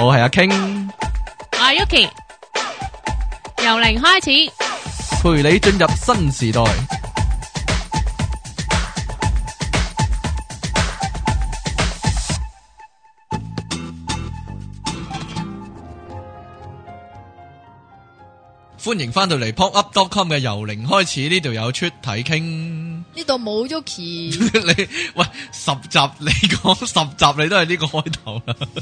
我係阿傾，阿 Yuki，由零開始，陪你進入新時代。歡迎翻到嚟 Pop Up dot com 嘅，由零開始，呢度有出體傾，呢度冇 Yuki。你喂十集你講十集你都係呢個開頭啦。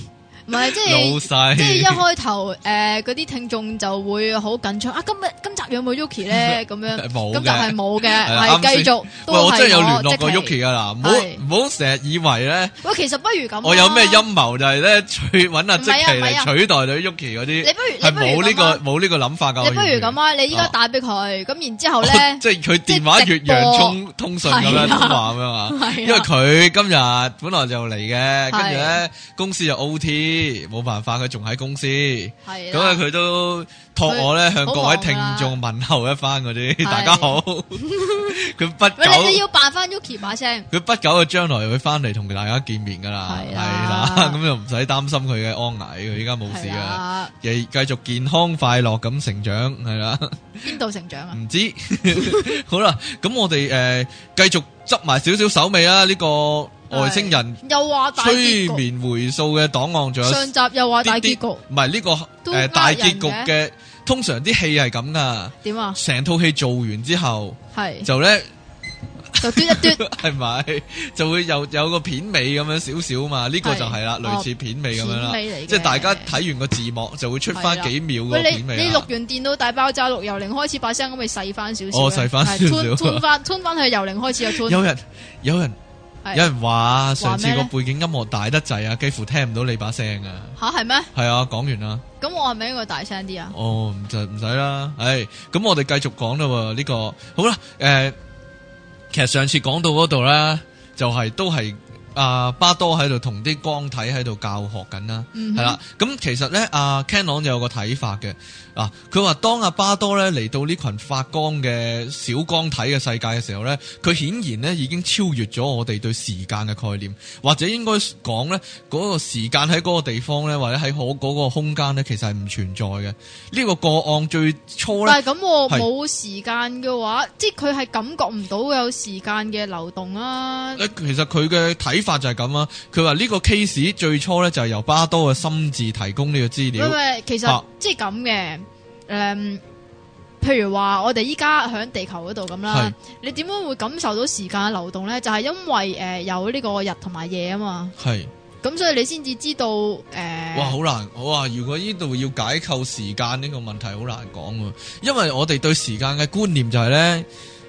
唔係，即係即係一開頭誒，嗰啲聽眾就會好緊張啊！今日今集有冇 Yuki 咧？咁樣，冇，今集係冇嘅，係繼續都係。喂，我真係有聯絡過 Yuki 噶啦，唔好唔好成日以為咧。喂，其實不如咁，我有咩陰謀就係咧，去搵阿即琪嚟取代咗 Yuki 嗰啲，係冇呢個冇呢個諗法噶。你不如咁啊！你應該打俾佢，咁然之後咧，即係佢電話越洋通通訊咁樣通話咁樣啊！因為佢今日本來就嚟嘅，跟住咧公司就 OT。冇辦法，佢仲喺公司，咁啊佢都托我咧向各位聽眾問候一番嗰啲，大家好。佢不久，你你要扮翻 Yuki 把聲。佢不久嘅將來會翻嚟同大家見面噶啦，係啦，咁就唔使擔心佢嘅安危。佢依家冇事噶，繼繼續健康快樂咁成長，係啦。邊度成長啊？唔知。好啦，咁我哋誒繼續執埋少少手尾啊，呢個。外星人又話催眠回數嘅檔案，仲有上集又話大結局，唔係呢個誒大結局嘅，通常啲戲係咁噶。點啊？成套戲做完之後，係就咧就端一端，係咪就會有有個片尾咁樣少少嘛？呢個就係啦，類似片尾咁樣啦，即係大家睇完個字幕就會出翻幾秒個片尾。你你錄完電腦大爆炸錄由零開始把聲咁咪細翻少少？哦，細翻少少 turn turn 翻，turn 翻去由零開始有有人。有人話上次個背景音樂大得滯啊，幾乎聽唔到你把聲啊。吓係咩？係啊，講完啦。咁我係咪應該大聲啲啊？哦，就唔使啦。誒，咁，哎，我哋繼續講啦。呢，呢個好啦。誒，呃，其實上次講到嗰度咧，就係、係、都係。啊巴多喺度同啲光體喺度教學緊啦，係啦，咁其實咧，阿 Canon 就有個睇法嘅。啊，佢話當阿巴多咧嚟到呢群發光嘅小光體嘅世界嘅時候咧，佢顯然咧已經超越咗我哋對時間嘅概念，或者應該講咧嗰個時間喺嗰個地方咧，或者喺可嗰個空間咧，其實係唔存在嘅。呢、這個個案最初咧，但係咁我冇時間嘅話，即係佢係感覺唔到有時間嘅是流動啊。其實佢嘅睇。法就係咁啊！佢話呢個 case 最初咧，就係由巴多嘅心智提供呢個資料。喂喂，其實即係咁嘅，誒、啊，譬如話我哋依家響地球嗰度咁啦，是你點樣會感受到時間嘅流動咧？就係、是、因為誒有呢個日同埋夜啊嘛。係是。咁所以你先至知道誒。呃、哇，好難！哇，如果呢度要解構時間呢、這個問題，好難講啊！因為我哋對時間嘅觀念就係、是、咧。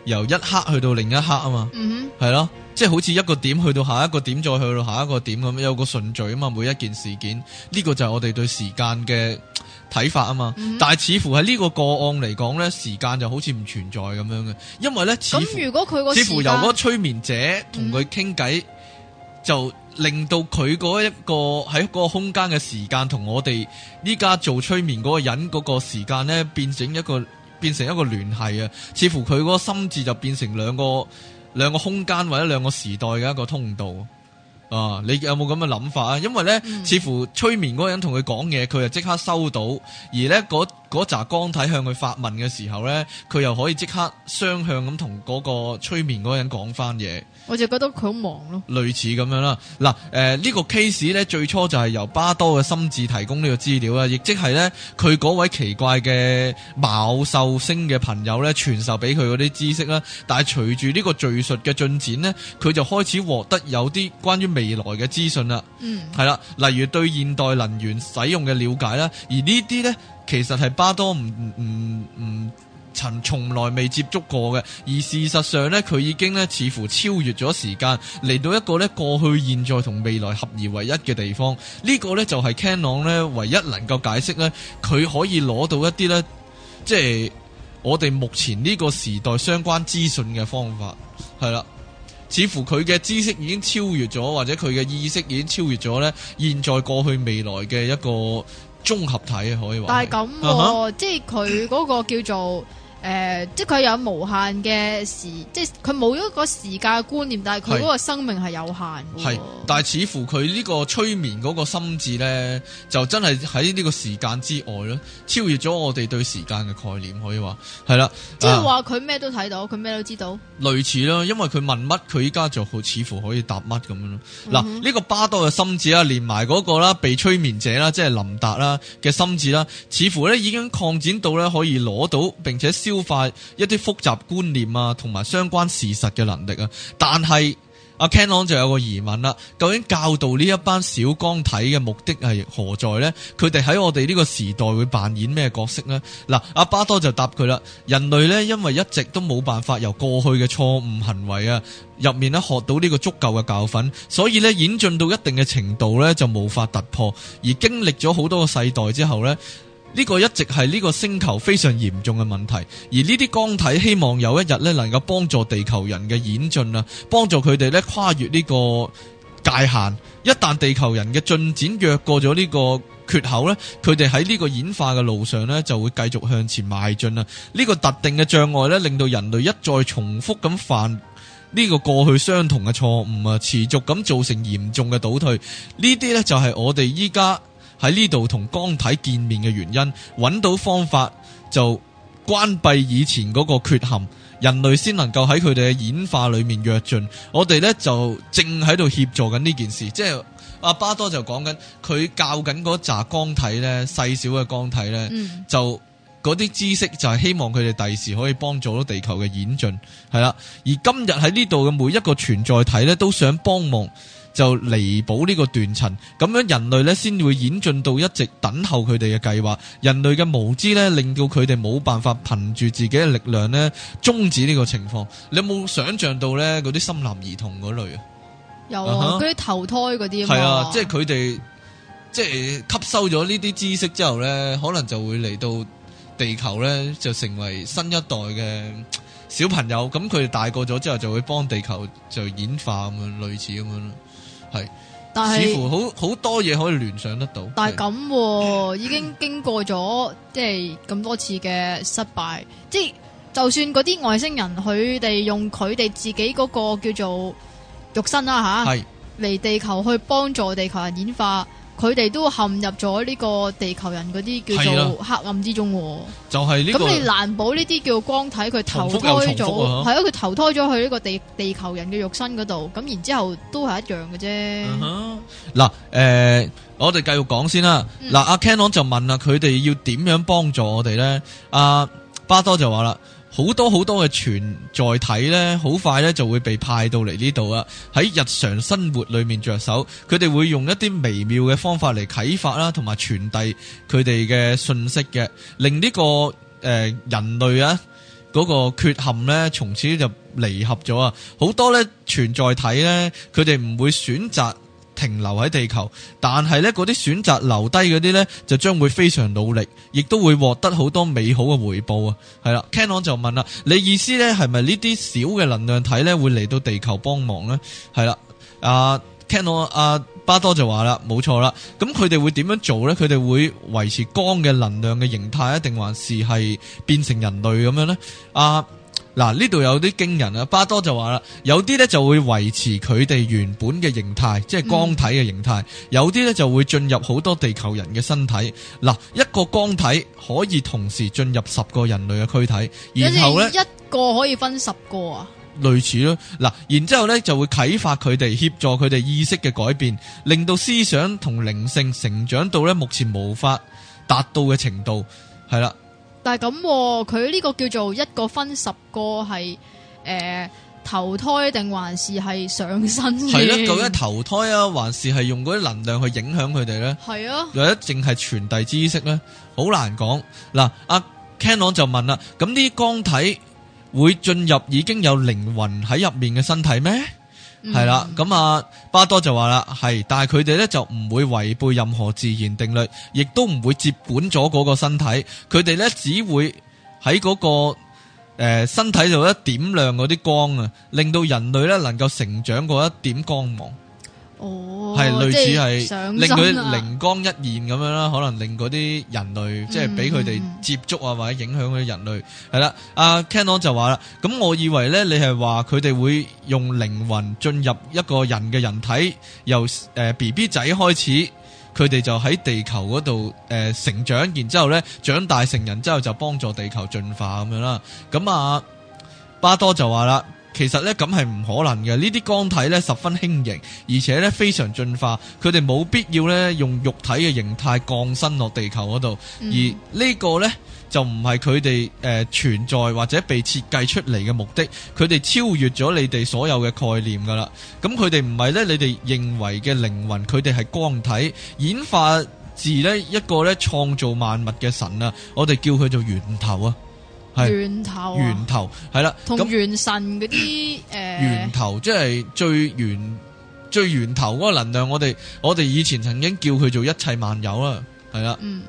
由一刻去到另一刻啊嘛，嗯哼、mm，係咯，即係好似一個點去到下一個點，再去到下一個點咁，有個順序啊嘛。每一件事件，呢個就係我哋對時間嘅睇法啊嘛。Mm hmm. 但係似乎喺呢個個案嚟講咧，時間就好似唔存在咁樣嘅，因為咧，咁如果佢，似乎，似乎由個催眠者同佢傾偈，mm hmm. 就令到佢嗰一個喺個空間嘅時間，同我哋呢家做催眠嗰個人嗰個時間咧，變成一個。變成一個聯繫啊！似乎佢嗰個心智就變成兩個兩個空間或者兩個時代嘅一個通道啊！你有冇咁嘅諗法啊？因為呢，嗯、似乎催眠嗰人同佢講嘢，佢就即刻收到，而呢嗰。嗰扎光體向佢發問嘅時候呢，佢又可以即刻雙向咁同嗰個催眠嗰個人講翻嘢。我就覺得佢好忙咯，類似咁樣啦。嗱、呃，誒、這、呢個 case 呢，最初就係由巴多嘅心智提供呢個資料啦，亦即係呢，佢嗰位奇怪嘅昴宿星嘅朋友呢，傳授俾佢嗰啲知識啦。但係隨住呢個敘述嘅進展呢，佢就開始獲得有啲關於未來嘅資訊啦。嗯，係啦，例如對現代能源使用嘅了解啦，而呢啲呢。其實係巴多唔唔唔曾從來未接觸過嘅，而事實上呢，佢已經呢，似乎超越咗時間，嚟到一個呢過去、現在同未來合而為一嘅地方。呢、這個呢，就係、是、Canon 呢，唯一能夠解釋呢，佢可以攞到一啲呢，即係我哋目前呢個時代相關資訊嘅方法，係啦，似乎佢嘅知識已經超越咗，或者佢嘅意識已經超越咗呢現在、過去、未來嘅一個。綜合體可以話，但係咁喎，uh huh. 即係佢嗰個叫做。誒、呃，即係佢有無限嘅時，即係佢冇一個時間嘅觀念，但係佢嗰個生命係有限。係，但係似乎佢呢個催眠嗰個心智咧，就真係喺呢個時間之外咯，超越咗我哋對時間嘅概念，可以話係啦。即係話佢咩都睇到，佢咩、啊、都知道。類似啦，因為佢問乜，佢依家就好似乎可以答乜咁樣咯。嗱、嗯哼，呢個巴多嘅心智啦，連埋嗰個啦，被催眠者啦，即、就、係、是、林達啦嘅心智啦，似乎咧已經擴展到咧可以攞到並且。消化一啲複雜觀念啊，同埋相關事實嘅能力啊，但係阿 Kenon 就有個疑問啦，究竟教導呢一班小光體嘅目的係何在呢？佢哋喺我哋呢個時代會扮演咩角色呢？嗱，阿巴多就答佢啦，人類呢，因為一直都冇辦法由過去嘅錯誤行為啊入面呢，學到呢個足夠嘅教訓，所以呢，演進到一定嘅程度呢，就無法突破，而經歷咗好多個世代之後呢。呢個一直係呢個星球非常嚴重嘅問題，而呢啲光體希望有一日呢能夠幫助地球人嘅演進啊，幫助佢哋呢跨越呢個界限。一旦地球人嘅進展越過咗呢個缺口呢，佢哋喺呢個演化嘅路上呢就會繼續向前邁進啊。呢個特定嘅障礙呢令到人類一再重複咁犯呢個過去相同嘅錯誤啊，持續咁造成嚴重嘅倒退。呢啲呢就係我哋依家喺呢度同光體見面嘅原因，揾到方法就關閉以前嗰個缺陷，人類先能夠喺佢哋嘅演化裏面躍進。我哋呢就正喺度協助緊呢件事，即係阿巴多就講緊，佢教緊嗰紮光體呢，細小嘅光體呢，嗯、就嗰啲知識就係希望佢哋第時可以幫助到地球嘅演進，係啦。而今日喺呢度嘅每一個存在體呢，都想幫忙。就彌補呢個斷層，咁樣人類咧先會演進到一直等候佢哋嘅計劃。人類嘅無知咧，令到佢哋冇辦法憑住自己嘅力量呢終止呢個情況。你有冇想象到呢嗰啲森林兒童嗰類啊？有啊嘛，嗰啲投胎嗰啲係啊，即係佢哋即係吸收咗呢啲知識之後呢，可能就會嚟到地球呢，就成為新一代嘅小朋友。咁佢哋大個咗之後，就會幫地球就演化咁樣，類似咁樣咯。係，是但是似乎好好多嘢可以聯想得到。但係咁、啊，是已經經過咗，即係咁多次嘅失敗，即係就算嗰啲外星人佢哋用佢哋自己嗰個叫做肉身啦吓，嚟、啊、是地球去幫助地球人演化。佢哋都陷入咗呢個地球人嗰啲叫做黑暗之中喎。就係呢，咁你難保呢啲叫光體佢投胎咗。係咯，佢投胎咗去呢個地地球人嘅肉身嗰度，咁然之後都係一樣嘅啫。嗱、uh，誒、huh. 呃，我哋繼續講先啦。嗱，阿 Canon、嗯啊、就問啦，佢哋要點樣幫助我哋咧？阿、啊、巴多就話啦。好多好多嘅存在體咧，好快咧就會被派到嚟呢度啊！喺日常生活裏面着手，佢哋會用一啲微妙嘅方法嚟啟發啦，同埋傳遞佢哋嘅信息嘅，令呢、這個誒、呃、人類啊嗰、那個缺陷咧，從此就離合咗啊！好多咧存在體咧，佢哋唔會選擇。停留喺地球，但係咧嗰啲選擇留低嗰啲咧，就將會非常努力，亦都會獲得好多美好嘅回報啊！係啦，Kenon 就問啦，你意思咧係咪呢啲小嘅能量體咧會嚟到地球幫忙咧？係啦，阿、啊、Kenon 阿、啊、巴多就話啦，冇錯啦，咁佢哋會點樣做咧？佢哋會維持光嘅能量嘅形態，定還是係變成人類咁樣咧？阿、啊嗱，呢度有啲驚人啊！巴多就話啦，有啲咧就會維持佢哋原本嘅形態，即係光體嘅形態；嗯、有啲咧就會進入好多地球人嘅身體。嗱，一個光體可以同時進入十個人類嘅軀體，然後咧一個可以分十個啊？類似咯。嗱，然之後咧就會啟發佢哋，協助佢哋意識嘅改變，令到思想同靈性成長到咧目前無法達到嘅程度，係啦。但係咁，佢呢個叫做一個分十個，係誒投胎定還是係上身先？係咯，究竟投胎啊，還是係用嗰啲能量去影響佢哋咧？係啊，又一淨係傳遞知識咧，好難講。嗱，阿 Canon 就問啦，咁啲光體會進入已經有靈魂喺入面嘅身體咩？係啦，咁啊、嗯、巴多就話啦，係，但係佢哋咧就唔會違背任何自然定律，亦都唔會接管咗個身體，佢哋咧只會喺、嗰個誒、呃、身體度一點亮啲光啊，令到人類咧能夠成長過一點光芒。哦，係類似係令佢靈光一現咁樣啦，啊、可能令嗰啲人類、嗯、即係俾佢哋接觸啊，或者影響佢人類係啦。阿、嗯了 uh, Kenon 就話啦，咁我以為咧，你係話佢哋會用靈魂進入一個人嘅人體，由誒、uh, BB 仔開始，佢哋就喺地球嗰度誒成長，然之後咧長大成人之後就幫助地球進化咁樣啦。咁啊巴多就話啦。其實咧咁係唔可能嘅，呢啲光體咧十分輕盈，而且咧非常進化，佢哋冇必要咧用肉體嘅形態降生落地球嗰度，嗯、而呢個咧就唔係佢哋誒存在或者被設計出嚟嘅目的，佢哋超越咗你哋所有嘅概念噶啦，咁佢哋唔係咧你哋認為嘅靈魂，佢哋係光體演化自咧一個咧創造萬物嘅神啊，我哋叫佢做源頭啊。源頭，啊、源頭，呃、源頭係啦，同元神嗰啲誒，源頭即係最源最源頭嗰個能量。我哋我哋以前曾經叫佢做一切萬有啦，係啦，嗯，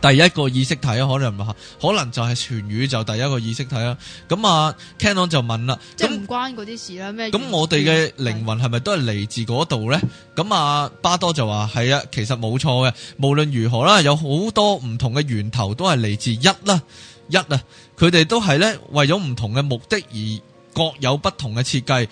第一個意識體可能唔係，可能就係全宇宙第一個意識體啦。咁啊，Kenon 就問啦，即係唔關嗰啲事啦，咩那？咁我哋嘅靈魂係咪都係嚟自嗰度咧？咁啊，巴多就話係啊，其實冇錯嘅。無論如何啦，有好多唔同嘅源頭都係嚟自一啦。一啊，佢哋都係咧為咗唔同嘅目的而各有不同嘅設計，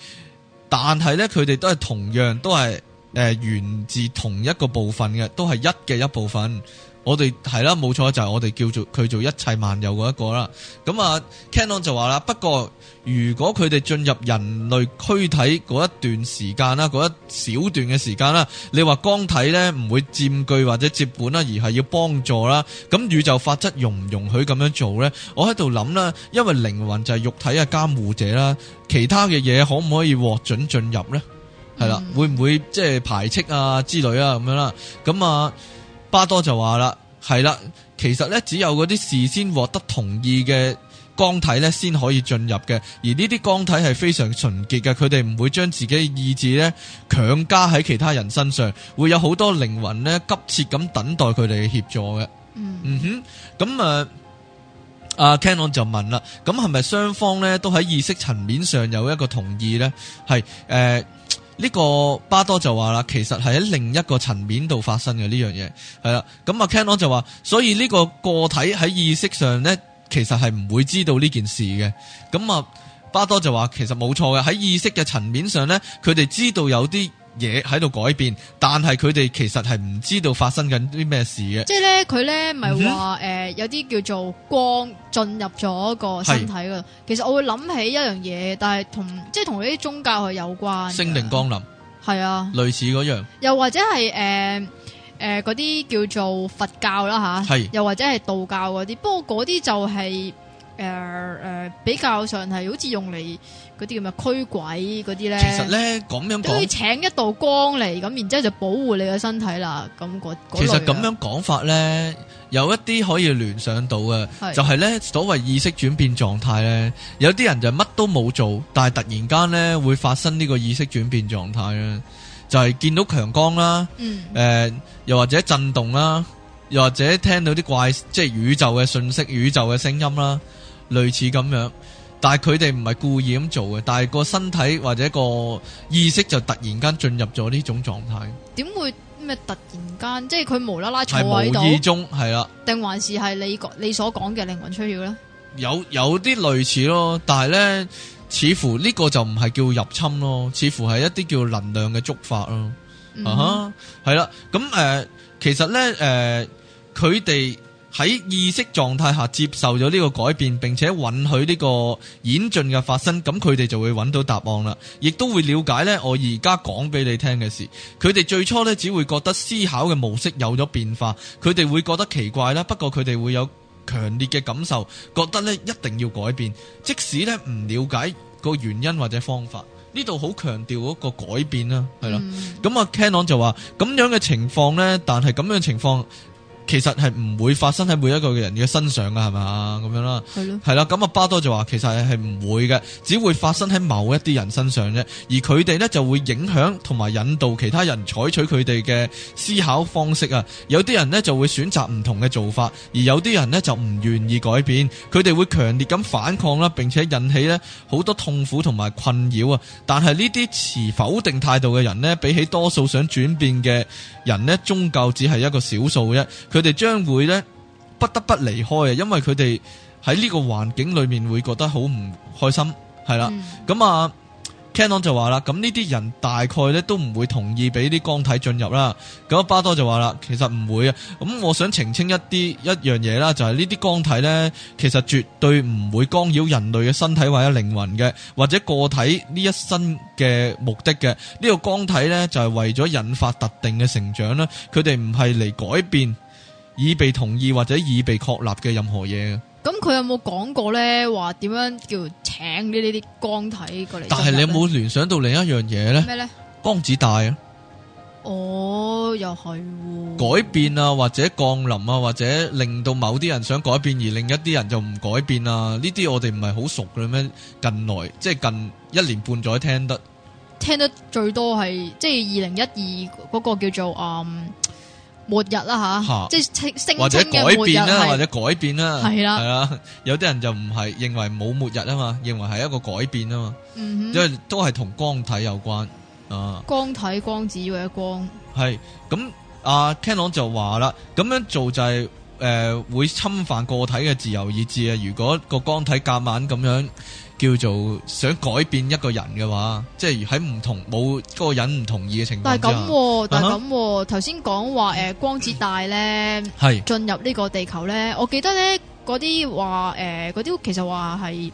但係咧佢哋都係同樣都係誒、呃、源自同一個部分嘅，都係一嘅一部分。我哋係啦，冇錯，就係、是、我哋叫做佢做一切萬有嗰一個啦。咁啊，Canon 就話啦，不過如果佢哋進入人類軀體嗰一段時間啦，嗰一小段嘅時間啦，你話光體咧唔會佔據或者接管啦，而係要幫助啦。咁宇宙法則容唔容許咁樣做咧？我喺度諗啦，因為靈魂就係肉體嘅監護者啦，其他嘅嘢可唔可以獲准進入咧？係啦、嗯，會唔會即係、就是、排斥啊之類啊咁樣啦？咁啊～巴多就話啦，係啦，其實咧只有嗰啲事先獲得同意嘅光體咧，先可以進入嘅。而呢啲光體係非常純潔嘅，佢哋唔會將自己嘅意志咧強加喺其他人身上。會有好多靈魂咧急切咁等待佢哋嘅協助嘅。嗯，嗯哼，咁、嗯、啊，阿、啊、Canon 就問啦，咁係咪雙方咧都喺意識層面上有一個同意呢？係，誒、呃。呢個巴多就話啦，其實係喺另一個層面度發生嘅呢樣嘢，係啦。咁、嗯、啊，canon 就話，所以呢個個體喺意識上咧，其實係唔會知道呢件事嘅。咁、嗯、啊，巴多就話，其實冇錯嘅，喺意識嘅層面上咧，佢哋知道有啲嘢喺度改變，但係佢哋其實係唔知道發生緊啲咩事嘅。即係咧，佢咧唔係話誒有啲叫做光進入咗個身體噶。是其實我會諗起一樣嘢，但係同即係同呢啲宗教係有關。聖靈降臨，係啊，類似嗰樣。又或者係誒誒嗰啲叫做佛教啦嚇，係、呃、是又或者係道教嗰啲。不過嗰啲就係誒誒比較上係好似用嚟。嗰啲叫咩驅鬼嗰啲咧？呢其實咧，咁樣講，可以請一道光嚟，咁然之後就保護你嘅身體啦。咁個其實咁樣講法咧，有一啲可以聯想到嘅，是就係咧所謂意識轉變狀態咧，有啲人就乜都冇做，但係突然間咧會發生呢個意識轉變狀態啊，就係、是、見到強光啦，誒、嗯呃，又或者震動啦，又或者聽到啲怪，即、就、係、是、宇宙嘅訊息、宇宙嘅聲音啦，類似咁樣。但係佢哋唔係故意咁做嘅，但係個身體或者個意識就突然間進入咗呢種狀態。點會咩突然間？即係佢無啦啦坐喺度，無意中係啦。定還是係你你所講嘅靈魂出竅咧？有有啲類似咯，但係咧，似乎呢個就唔係叫入侵咯，似乎係一啲叫能量嘅觸發咯。啊哈、嗯哼，係啦、uh。咁、huh. 誒、嗯呃，其實咧誒，佢、呃、哋。喺意識狀態下接受咗呢個改變，並且允許呢個演進嘅發生，咁佢哋就會揾到答案啦，亦都會了解呢，我而家講俾你聽嘅事。佢哋最初呢，只會覺得思考嘅模式有咗變化，佢哋會覺得奇怪啦。不過佢哋會有強烈嘅感受，覺得呢一定要改變，即使呢唔了解個原因或者方法。呢度好強調嗰個改變、嗯、啦，係、啊、咯。咁啊，Canon 就話咁樣嘅情況呢，但係咁樣情況。其實係唔會發生喺每一個人嘅身上噶，係咪啊？咁樣啦，係咯，係啦。咁啊巴多就話，其實係唔會嘅，只會發生喺某一啲人身上啫。而佢哋呢，就會影響同埋引導其他人採取佢哋嘅思考方式啊。有啲人呢，就會選擇唔同嘅做法，而有啲人呢，就唔願意改變，佢哋會強烈咁反抗啦，並且引起呢好多痛苦同埋困擾啊。但係呢啲持否定態度嘅人呢，比起多數想轉變嘅。人呢，終究只係一個少數啫。佢哋將會呢不得不離開啊，因為佢哋喺呢個環境裏面會覺得好唔開心，係啦，咁、嗯、啊。Canon 就話啦，咁呢啲人大概咧都唔會同意俾啲光體進入啦。咁巴多就話啦，其實唔會啊。咁我想澄清一啲一樣嘢啦，就係呢啲光體咧，其實絕對唔會干擾人類嘅身體或者靈魂嘅，或者個體呢一生嘅目的嘅。呢、這個光體咧就係、是、為咗引發特定嘅成長啦。佢哋唔係嚟改變已被同意或者已被確立嘅任何嘢。咁佢有冇講過咧？話點樣叫請呢啲光體過嚟？但係你有冇聯想到另一樣嘢咧？咩咧？光子帶啊！哦，又係、哦、改變啊，或者降臨啊，或者令到某啲人想改變，而另一啲人就唔改變啊！呢啲我哋唔係好熟嘅咩？近來即係、就是、近一年半載聽得聽得最多係即係二零一二嗰個叫做嗯。末日啦、啊、嚇，即係或者改變啦、啊，或者改變啦、啊，係啦、啊，係啦、啊，有啲人就唔係認為冇末日啊嘛，認為係一個改變啊嘛，嗯、哼因為都係同光體有關啊。光體光子或者光係咁，阿、啊、Kenon 就話啦，咁樣做就係、是、誒、呃、會侵犯個體嘅自由意志啊！如果個光體夾硬咁樣。叫做想改變一個人嘅話，即係喺唔同冇嗰個人唔同意嘅情況之下，但係咁、啊，uh huh. 但係咁、啊，頭先講話誒光子大咧，係進、嗯、入呢個地球咧，我記得咧嗰啲話誒嗰啲其實話係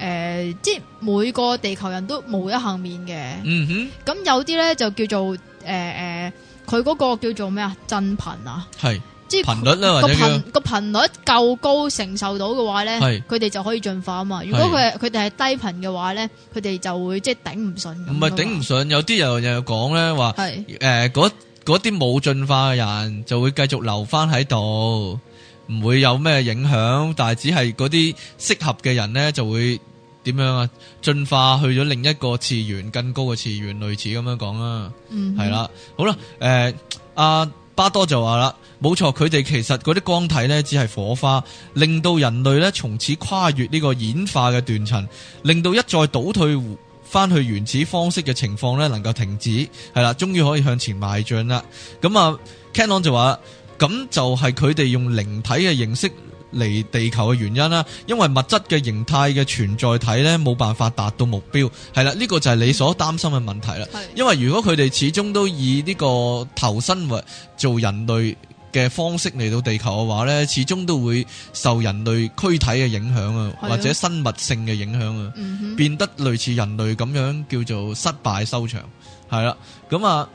誒即係每個地球人都冇一幸免嘅，嗯哼，咁有啲咧就叫做誒誒，佢、呃、嗰個叫做咩啊震頻啊，係。即係頻率啦，個頻個頻率夠高，承受到嘅話咧，佢哋就可以進化啊嘛。如果佢係佢哋係低頻嘅話咧，佢哋就會即係頂唔順。唔係頂唔順，有啲人又講咧話，誒，嗰嗰啲冇進化嘅人就會繼續留翻喺度，唔會有咩影響。但係只係嗰啲適合嘅人咧，就會點樣啊？進化去咗另一個次元，更高嘅次元，類似咁樣講啦。嗯，係啦，好啦，誒，阿。巴多就話啦，冇錯，佢哋其實嗰啲光體咧，只係火花，令到人類咧，從此跨越呢個演化嘅斷層，令到一再倒退翻去原始方式嘅情況咧，能夠停止，係啦，終於可以向前邁進啦。咁、嗯、啊，Canon 就話，咁就係佢哋用靈體嘅形式。嚟地球嘅原因啦，因為物質嘅形態嘅存在體咧，冇辦法達到目標係啦，呢、呢個就係你所擔心嘅問題啦。因為如果佢哋始終都以呢個投身或做人類嘅方式嚟到地球嘅話咧，始終都會受人類軀體嘅影響啊，或者生物性嘅影響啊，的變得類似人類咁樣叫做失敗收場，係啦，咁啊，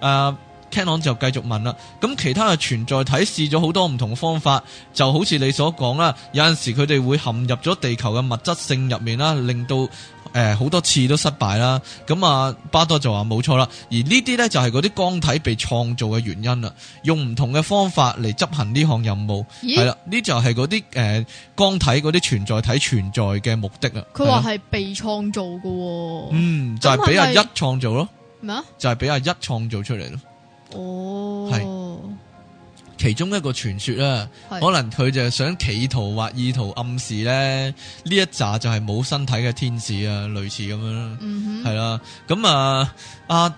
誒、啊。Canon 就繼續問啦，咁其他嘅存在體試咗好多唔同嘅方法，就好似你所講啦，有陣時佢哋會陷入咗地球嘅物質性入面啦，令到誒、呃、好多次都失敗啦。咁啊，巴多就話冇錯啦，而呢啲咧就係嗰啲光體被創造嘅原因啦，用唔同嘅方法嚟執行呢項任務，係啦，咦？呢就係嗰啲誒光體嗰啲存在體存在嘅目的啦。佢話係被創造嘅、哦，嗯，就係、是、俾阿一創造咯，咩啊、就是？就係俾阿一創造出嚟咯。哦，係，其中一個傳說啦，是可能佢就係想企圖或意圖暗示咧，呢一扎就係冇身體嘅天使啊，類似咁樣咯，係啦，嗯哼，咁啊，阿，啊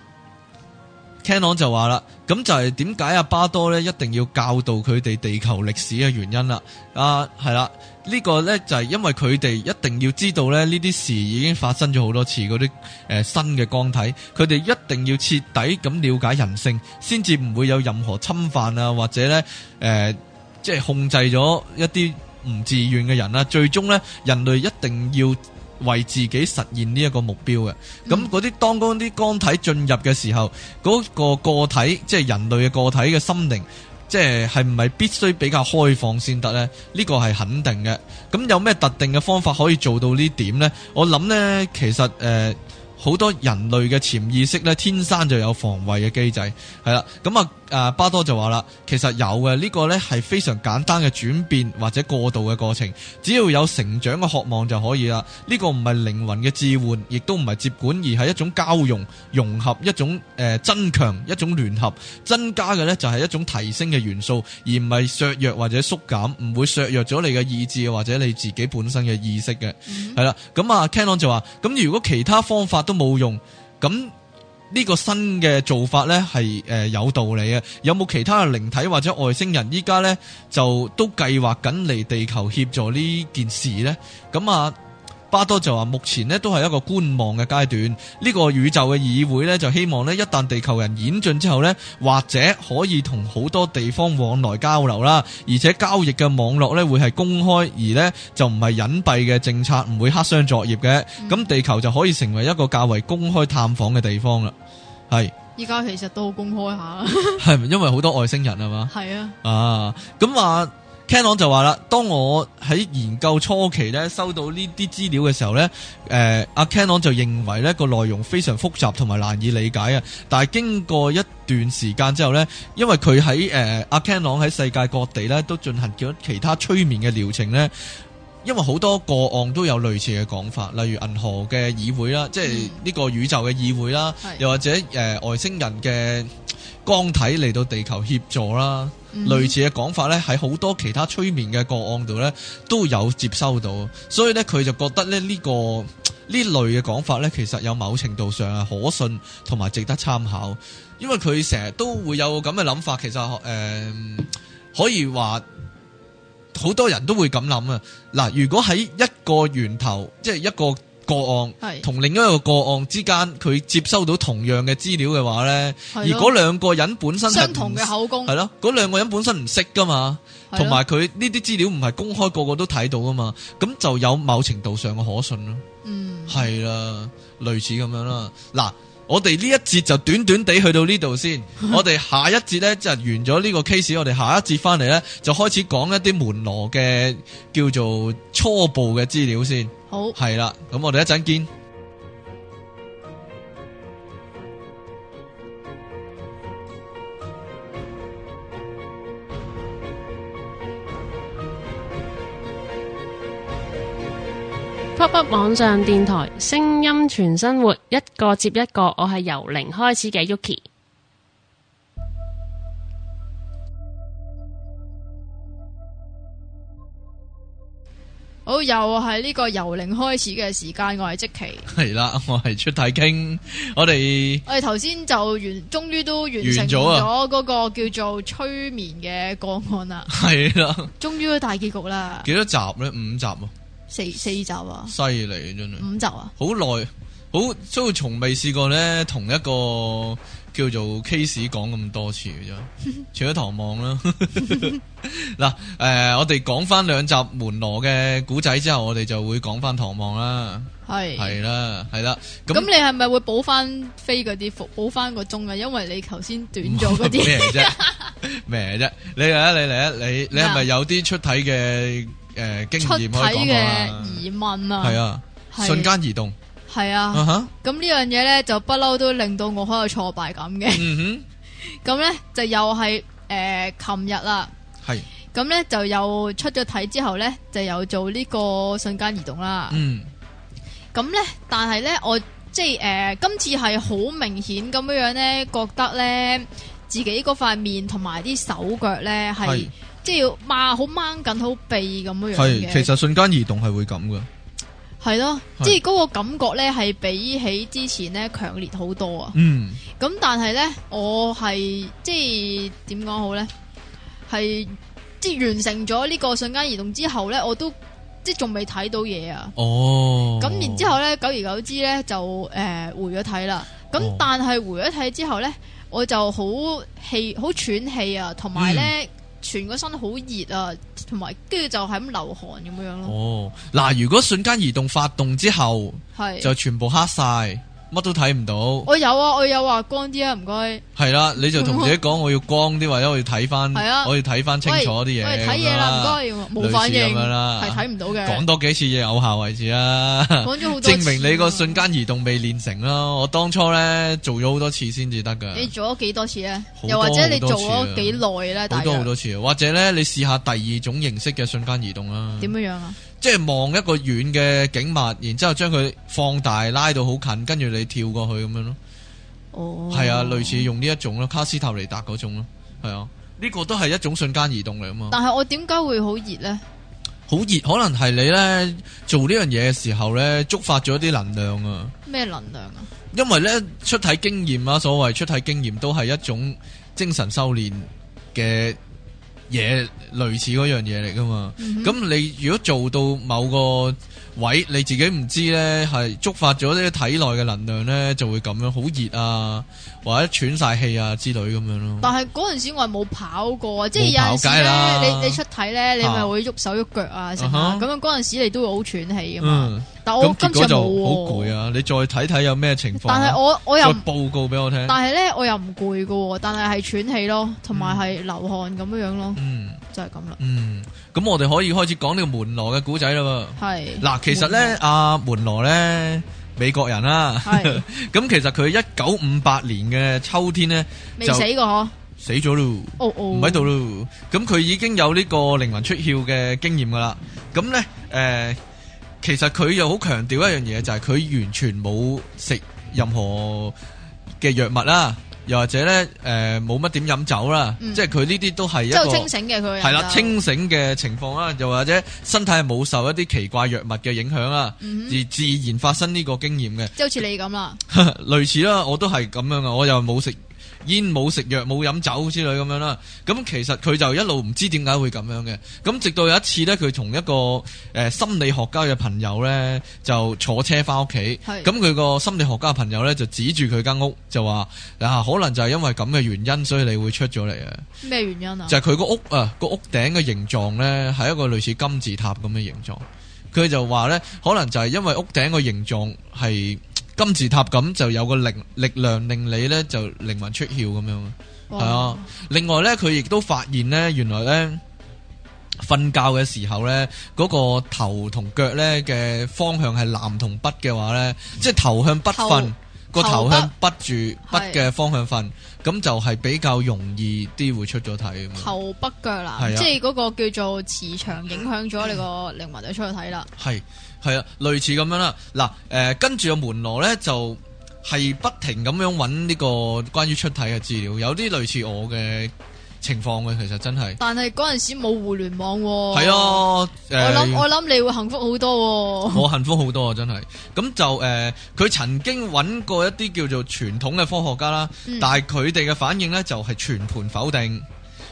，Kenon 就話啦，咁就係點解阿巴多咧一定要教導佢哋地球歷史嘅原因啦，啊，係啦。呢個呢，就係、是、因為佢哋一定要知道呢呢啲事已經發生咗好多次，嗰啲誒新嘅光體，佢哋一定要徹底咁了解人性，先至唔會有任何侵犯啊，或者呢，誒、呃、即係控制咗一啲唔自願嘅人啦、啊。最終呢，人類一定要為自己實現呢一個目標嘅。咁嗰啲當嗰啲光體進入嘅時候，嗰、那個個體即係人類嘅個體嘅心靈。即係係唔係必須比較開放先得呢？呢個係肯定嘅。咁有咩特定嘅方法可以做到呢點呢？我諗呢，其實誒好多人類嘅潛意識呢，天生就有防衞嘅機制，係啦。咁啊～誒，巴多就話啦，其實有嘅呢、這個呢係非常簡單嘅轉變或者過渡嘅過程，只要有成長嘅渴望就可以啦。呢、這個唔係靈魂嘅置換，亦都唔係接管，而係一種交融，融合，一種誒、呃、增強、一種聯合、增加嘅呢，就係一種提升嘅元素，而唔係削弱或者縮減，唔會削弱咗你嘅意志或者你自己本身嘅意識嘅。係啦、嗯，咁啊 Kenon 就話，咁如果其他方法都冇用，咁。呢個新嘅做法呢係誒有道理嘅，有冇其他嘅靈體或者外星人依家呢就都計劃緊嚟地球協助呢件事呢？咁啊！巴多就話目前咧都係一個觀望嘅階段，呢、這個宇宙嘅議會咧就希望咧一旦地球人演進之後咧，或者可以同好多地方往來交流啦，而且交易嘅網絡咧會係公開，而咧就唔係隱蔽嘅政策，唔會黑箱作業嘅，咁、嗯、地球就可以成為一個較為公開探訪嘅地方啦。係，依家其實都好公開下，係 咪因為好多外星人啊嘛？係啊，啊咁話。Kenon 就話啦，當我喺研究初期咧收到呢啲資料嘅時候咧，誒、呃、阿 Kenon 就認為呢個內容非常複雜同埋難以理解啊。但係經過一段時間之後呢，因為佢喺誒阿 k e n o 喺世界各地咧都進行咗其他催眠嘅療程咧。因為好多個案都有類似嘅講法，例如銀河嘅議會啦，即係呢個宇宙嘅議會啦，嗯、又或者誒、呃、外星人嘅光體嚟到地球協助啦，類似嘅講法呢，喺好多其他催眠嘅個案度呢都有接收到，所以呢，佢就覺得咧、這、呢個呢類嘅講法呢，其實有某程度上係可信同埋值得參考，因為佢成日都會有咁嘅諗法，其實誒、呃、可以話。好多人都會咁諗啊！嗱，如果喺一個源頭，即係一個個案，同另一個個案之間，佢接收到同樣嘅資料嘅話咧，的而嗰兩個人本身係唔相同嘅口供，係咯，嗰兩個人本身唔識噶嘛，同埋佢呢啲資料唔係公開個個都睇到噶嘛，咁就有某程度上嘅可信咯。嗯，係啦，類似咁樣啦。嗱、嗯。我哋呢一節就短短地去到呢度先，啊、我哋下一節呢，就係完咗呢個 case，我哋下一節翻嚟呢，就開始講一啲門羅嘅叫做初步嘅資料先。好，係啦，咁我哋一陣見。Pop Up 網上電台，聲音全生活，一個接一個。我係由零開始嘅 Yuki，好又係呢個由零開始嘅時間，我係即期。係啦，我係出太傾， 我哋我哋頭先就完，終於都完成咗嗰個叫做催眠嘅個案啦。係啦， 終於都大結局啦。幾多集咧？五集。四四集啊！犀利，真係五集啊！好耐，好，所以從未試過咧同一個叫做 case 講咁多次嘅啫。 除咗唐望啦，嗱，誒，我哋講翻兩集門羅嘅古仔之後，我哋就會講翻唐望啦。係係啦，係啦。咁你係咪會補翻飛嗰啲，補補翻個鐘啊？因為你頭先短咗嗰啲咩啫？咩啫？你嚟 啊，啊，啊！你嚟啊！你啊你係咪、啊、有啲出體嘅？誒，呃、經出體嘅疑問啊，係啊，瞬間移動，係啊，咁、uh huh? 呢樣嘢咧就不嬲都令到我好有挫敗感嘅，咁咧、mm hmm. 就又係誒，琴日啦，係，咁咧是就又出咗體之後咧，就又做呢個瞬間移動啦，嗯，咁咧，但係咧，我即係誒、呃，今次係好明顯咁樣樣咧，覺得咧自己嗰塊面同埋啲手腳咧係。即係要掹好掹緊，好避咁樣樣。其實瞬間移動係會咁嘅。係咯，即係嗰個感覺咧，係比起之前咧強烈好多啊。嗯。咁但係咧，我係即係點講好咧？係即係完成咗呢個瞬間移動之後咧，我都即係仲未睇到嘢啊。哦。咁然之後咧，久而久之咧，就誒、呃、回咗體啦。咁但係回咗體之後咧，我就好氣，好喘氣啊，同埋咧。嗯全個身好熱啊，同埋跟住就係咁流汗咁樣樣咯。哦，嗱，如果瞬間移動發動之後，係就全部黑晒。乜都睇唔到，我有啊，我有話光啲啊，唔該。係啦，你就同自己講我要光啲，或者我要睇翻，我要睇翻清楚啲嘢咁樣睇嘢啦，唔該，冇反應咁啦，係睇唔到嘅。講多幾次嘢有效為止啊。講咗好多，證明你個瞬間移動未練成咯。我當初咧做咗好多次先至得噶。你做咗幾多次啊？又或者你做咗幾耐咧？大多好多次，或者咧你試下第二種形式嘅瞬間移動啦。點樣樣啊？即係望一個遠嘅景物，然之後將佢放大拉到好近，跟住你跳過去咁樣咯。哦，係啊，類似用呢一種咯，卡斯特尼達嗰種咯，係啊，呢、這個都係一種瞬間移動嚟啊嘛。但係我點解會好熱呢？好熱，可能係你呢做呢樣嘢嘅時候呢，觸發咗啲能，能量啊。咩能量啊？因為呢，出體經驗啊，所謂出體經驗都係一種精神修煉嘅。嘢類似嗰樣嘢嚟噶嘛？咁、嗯、哼你如果做到某個位，你自己唔知咧，係觸發咗啲體內嘅能量咧，就會咁樣好熱啊，或者喘晒氣啊之類咁樣咯。但係嗰陣時我係冇跑過，跑即係有時咧，你你出體咧，你咪會喐手喐腳啊，成啊，咁樣嗰陣時你都會好喘氣噶嘛。嗯咁結果就好攰啊！你再睇睇有咩情況？但係我我又報告俾我聽。但係咧，我又唔攰噶喎，但係係喘氣咯，同埋係流汗咁樣樣咯。嗯，就係咁啦。嗯，咁我哋可以開始講呢個門羅嘅故仔啦喎。係。嗱，其實咧，阿門羅咧，美國人啦。係。咁其實佢一九五八年嘅秋天咧，未死過嗬？死咗咯。哦哦。唔喺度咯。咁佢已經有呢個靈魂出竅嘅經驗噶啦。咁咧，誒。其實佢又好強調一樣嘢，就係、是、佢完全冇食任何嘅藥物啦，又或者咧，誒、呃，冇乜點飲酒啦，嗯、即係佢呢啲都係一個係啦清醒嘅，就是、情況啦，又或者身體係冇受一啲奇怪藥物嘅影響啦，嗯、哼而自然發生呢個經驗嘅，就好似你咁啦，啊， 類似啦，我都係咁樣嘅，我又冇食。煙冇食藥冇飲酒之類咁樣啦，咁其實佢就一路唔知點解會咁樣嘅，咁直到有一次呢佢同一個誒心理學家嘅朋友呢，就坐車返屋企，咁佢個心理學家朋友呢是，就指住佢間屋就話：嗱、啊，可能就係因為咁嘅原因，所以你會出咗嚟啊！咩原因啊？就係佢個屋啊，個屋頂嘅形狀呢，係一個類似金字塔咁嘅形狀，佢就話呢，可能就係因為屋頂個形狀係。金字塔咁就有個力力量令你呢，就靈魂出竅咁樣，係哇啊。另外呢，佢亦都發現呢，原來呢瞓覺嘅時候呢，嗰、那個頭同腳呢嘅方向係南同北嘅話呢，嗯、即係頭向北瞓，個頭，頭向北住北嘅方向瞓，咁就係比較容易啲會出咗體啊，頭北腳南，即係嗰個叫做磁場影響咗你個靈魂就出咗體啦。係、嗯。係啊，類似咁樣啦。嗱，誒、呃，跟住個門羅呢，就係、是、不停咁樣揾呢個關於出體嘅資料，有啲類似我嘅情況嘅。其實真係，但係嗰陣時冇互聯網。係咯，我諗我諗你會幸福好多，哦。我幸福好多啊，真係。咁 就誒，佢、呃、曾經揾過一啲叫做傳統嘅科學家啦，嗯、但係佢哋嘅反應呢，就係全盤否定。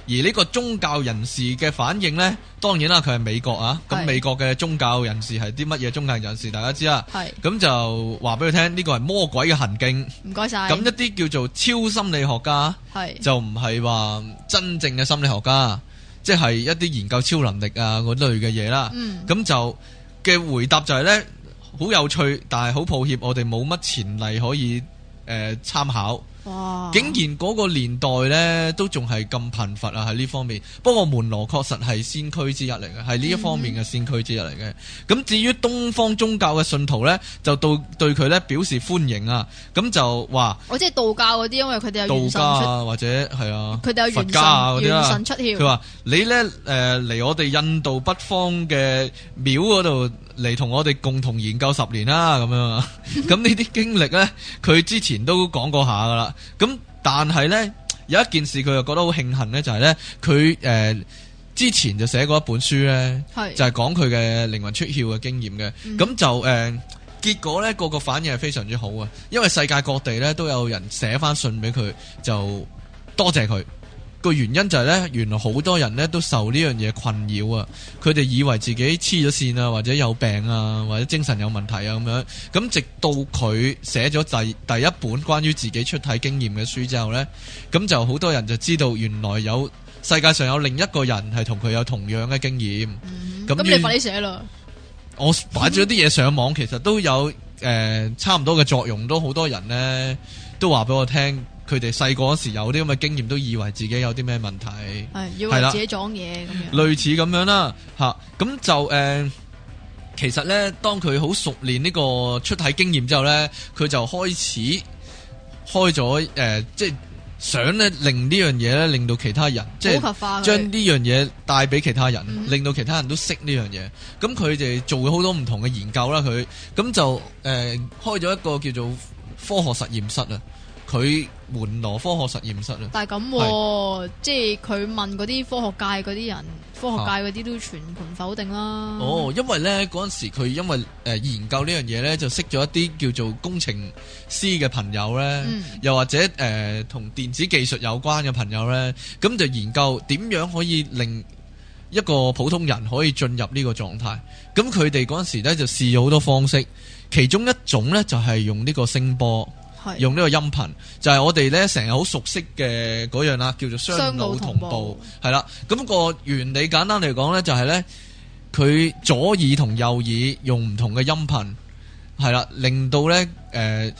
而呢個宗教人士嘅反應呢，當然啦，佢係美國啊，咁是美國嘅宗教人士係啲乜嘢宗教人士？大家知啦，咁是就話俾佢聽呢個係魔鬼嘅行徑。唔該晒。咁一啲叫做超心理學家，是就唔係話真正嘅心理學家，即、就、係、是、一啲研究超能力啊嗰類嘅嘢啦。咁、嗯、就嘅回答就係呢：「好有趣，但係好抱歉，我哋冇乜前例可以誒參、呃、考。」哇！竟然嗰個年代咧都仲係咁貧乏啊，喺呢方面。不過門羅確實係先驅之一嚟嘅，係呢一方面嘅先驅之一嚟嘅。咁、嗯、至於東方宗教嘅信徒咧，就對對佢咧表示歡迎啊。咁就話我即係道、道教嗰啲，因為佢哋有道家、啊、或者係啊，佢哋有佛家啊，元、啊、神出竅。佢話你咧誒嚟我哋印度北方嘅廟嗰度，嚟同我哋共同研究十年啦，咁樣啊，咁呢啲經歷呢，佢之前都講過下噶啦，咁但係呢，有一件事佢又覺得好慶幸呢，就係、是、呢，佢、呃、誒之前就寫過一本書呢，是就係講佢嘅靈魂出竅嘅經驗嘅，咁、嗯、就誒、呃、結果呢，個個反應係非常之好啊，因為世界各地呢，都有人寫翻信俾佢，就多謝佢。個原因就係、是、咧，原來好多人咧都受呢樣嘢困擾啊！佢哋以為自己黐咗綫啊，或者有病啊，或者精神有問題啊咁樣。咁直到佢寫咗第第一本關於自己出體經驗嘅書之後呢，咁就好多人就知道原來有世界上有另一個人係同佢有同樣嘅經驗。咁、mm hmm. 樣，你快啲寫啦！我擺咗啲嘢上網，mm hmm. 其實都有誒、呃、差唔多嘅作用，都好多人呢都話俾我聽。佢哋細個嗰時有啲咁嘅經驗，都以為自己有啲咩問題，係以為自己撞嘢咁的樣，類似咁樣啦，吓咁、啊、就誒、呃，其實咧，當佢好熟練呢個出體經驗之後咧，佢就開始開咗誒、即、呃、係、就是、想咧令呢樣嘢咧，令到其他人即係將呢樣嘢帶俾其他人，嗯、令到其他人都識呢樣嘢。咁佢哋做咗好多唔同嘅研究啦，佢咁就誒、呃、開咗一個叫做科學實驗室啊。佢門羅科學實驗室啊！但係咁，即係佢問嗰啲科學界嗰啲人，科學界嗰啲都全盤否定啦。哦，因為呢嗰陣時佢因為誒、呃、研究呢樣嘢呢，就識咗一啲叫做工程師嘅朋友呢，嗯、又或者誒同、呃、電子技術有關嘅朋友呢，咁就研究點樣可以令一個普通人可以進入呢個狀態。咁佢哋嗰陣時咧就試咗好多方式，其中一種呢，就係、是、用呢個聲波。用呢個音頻，就係我哋咧成日好熟悉嘅嗰樣啦，叫做雙腦同步，係啦。咁個原理簡單嚟講呢就係呢，佢左耳同右耳用唔同嘅音頻，係啦，令到呢，誒，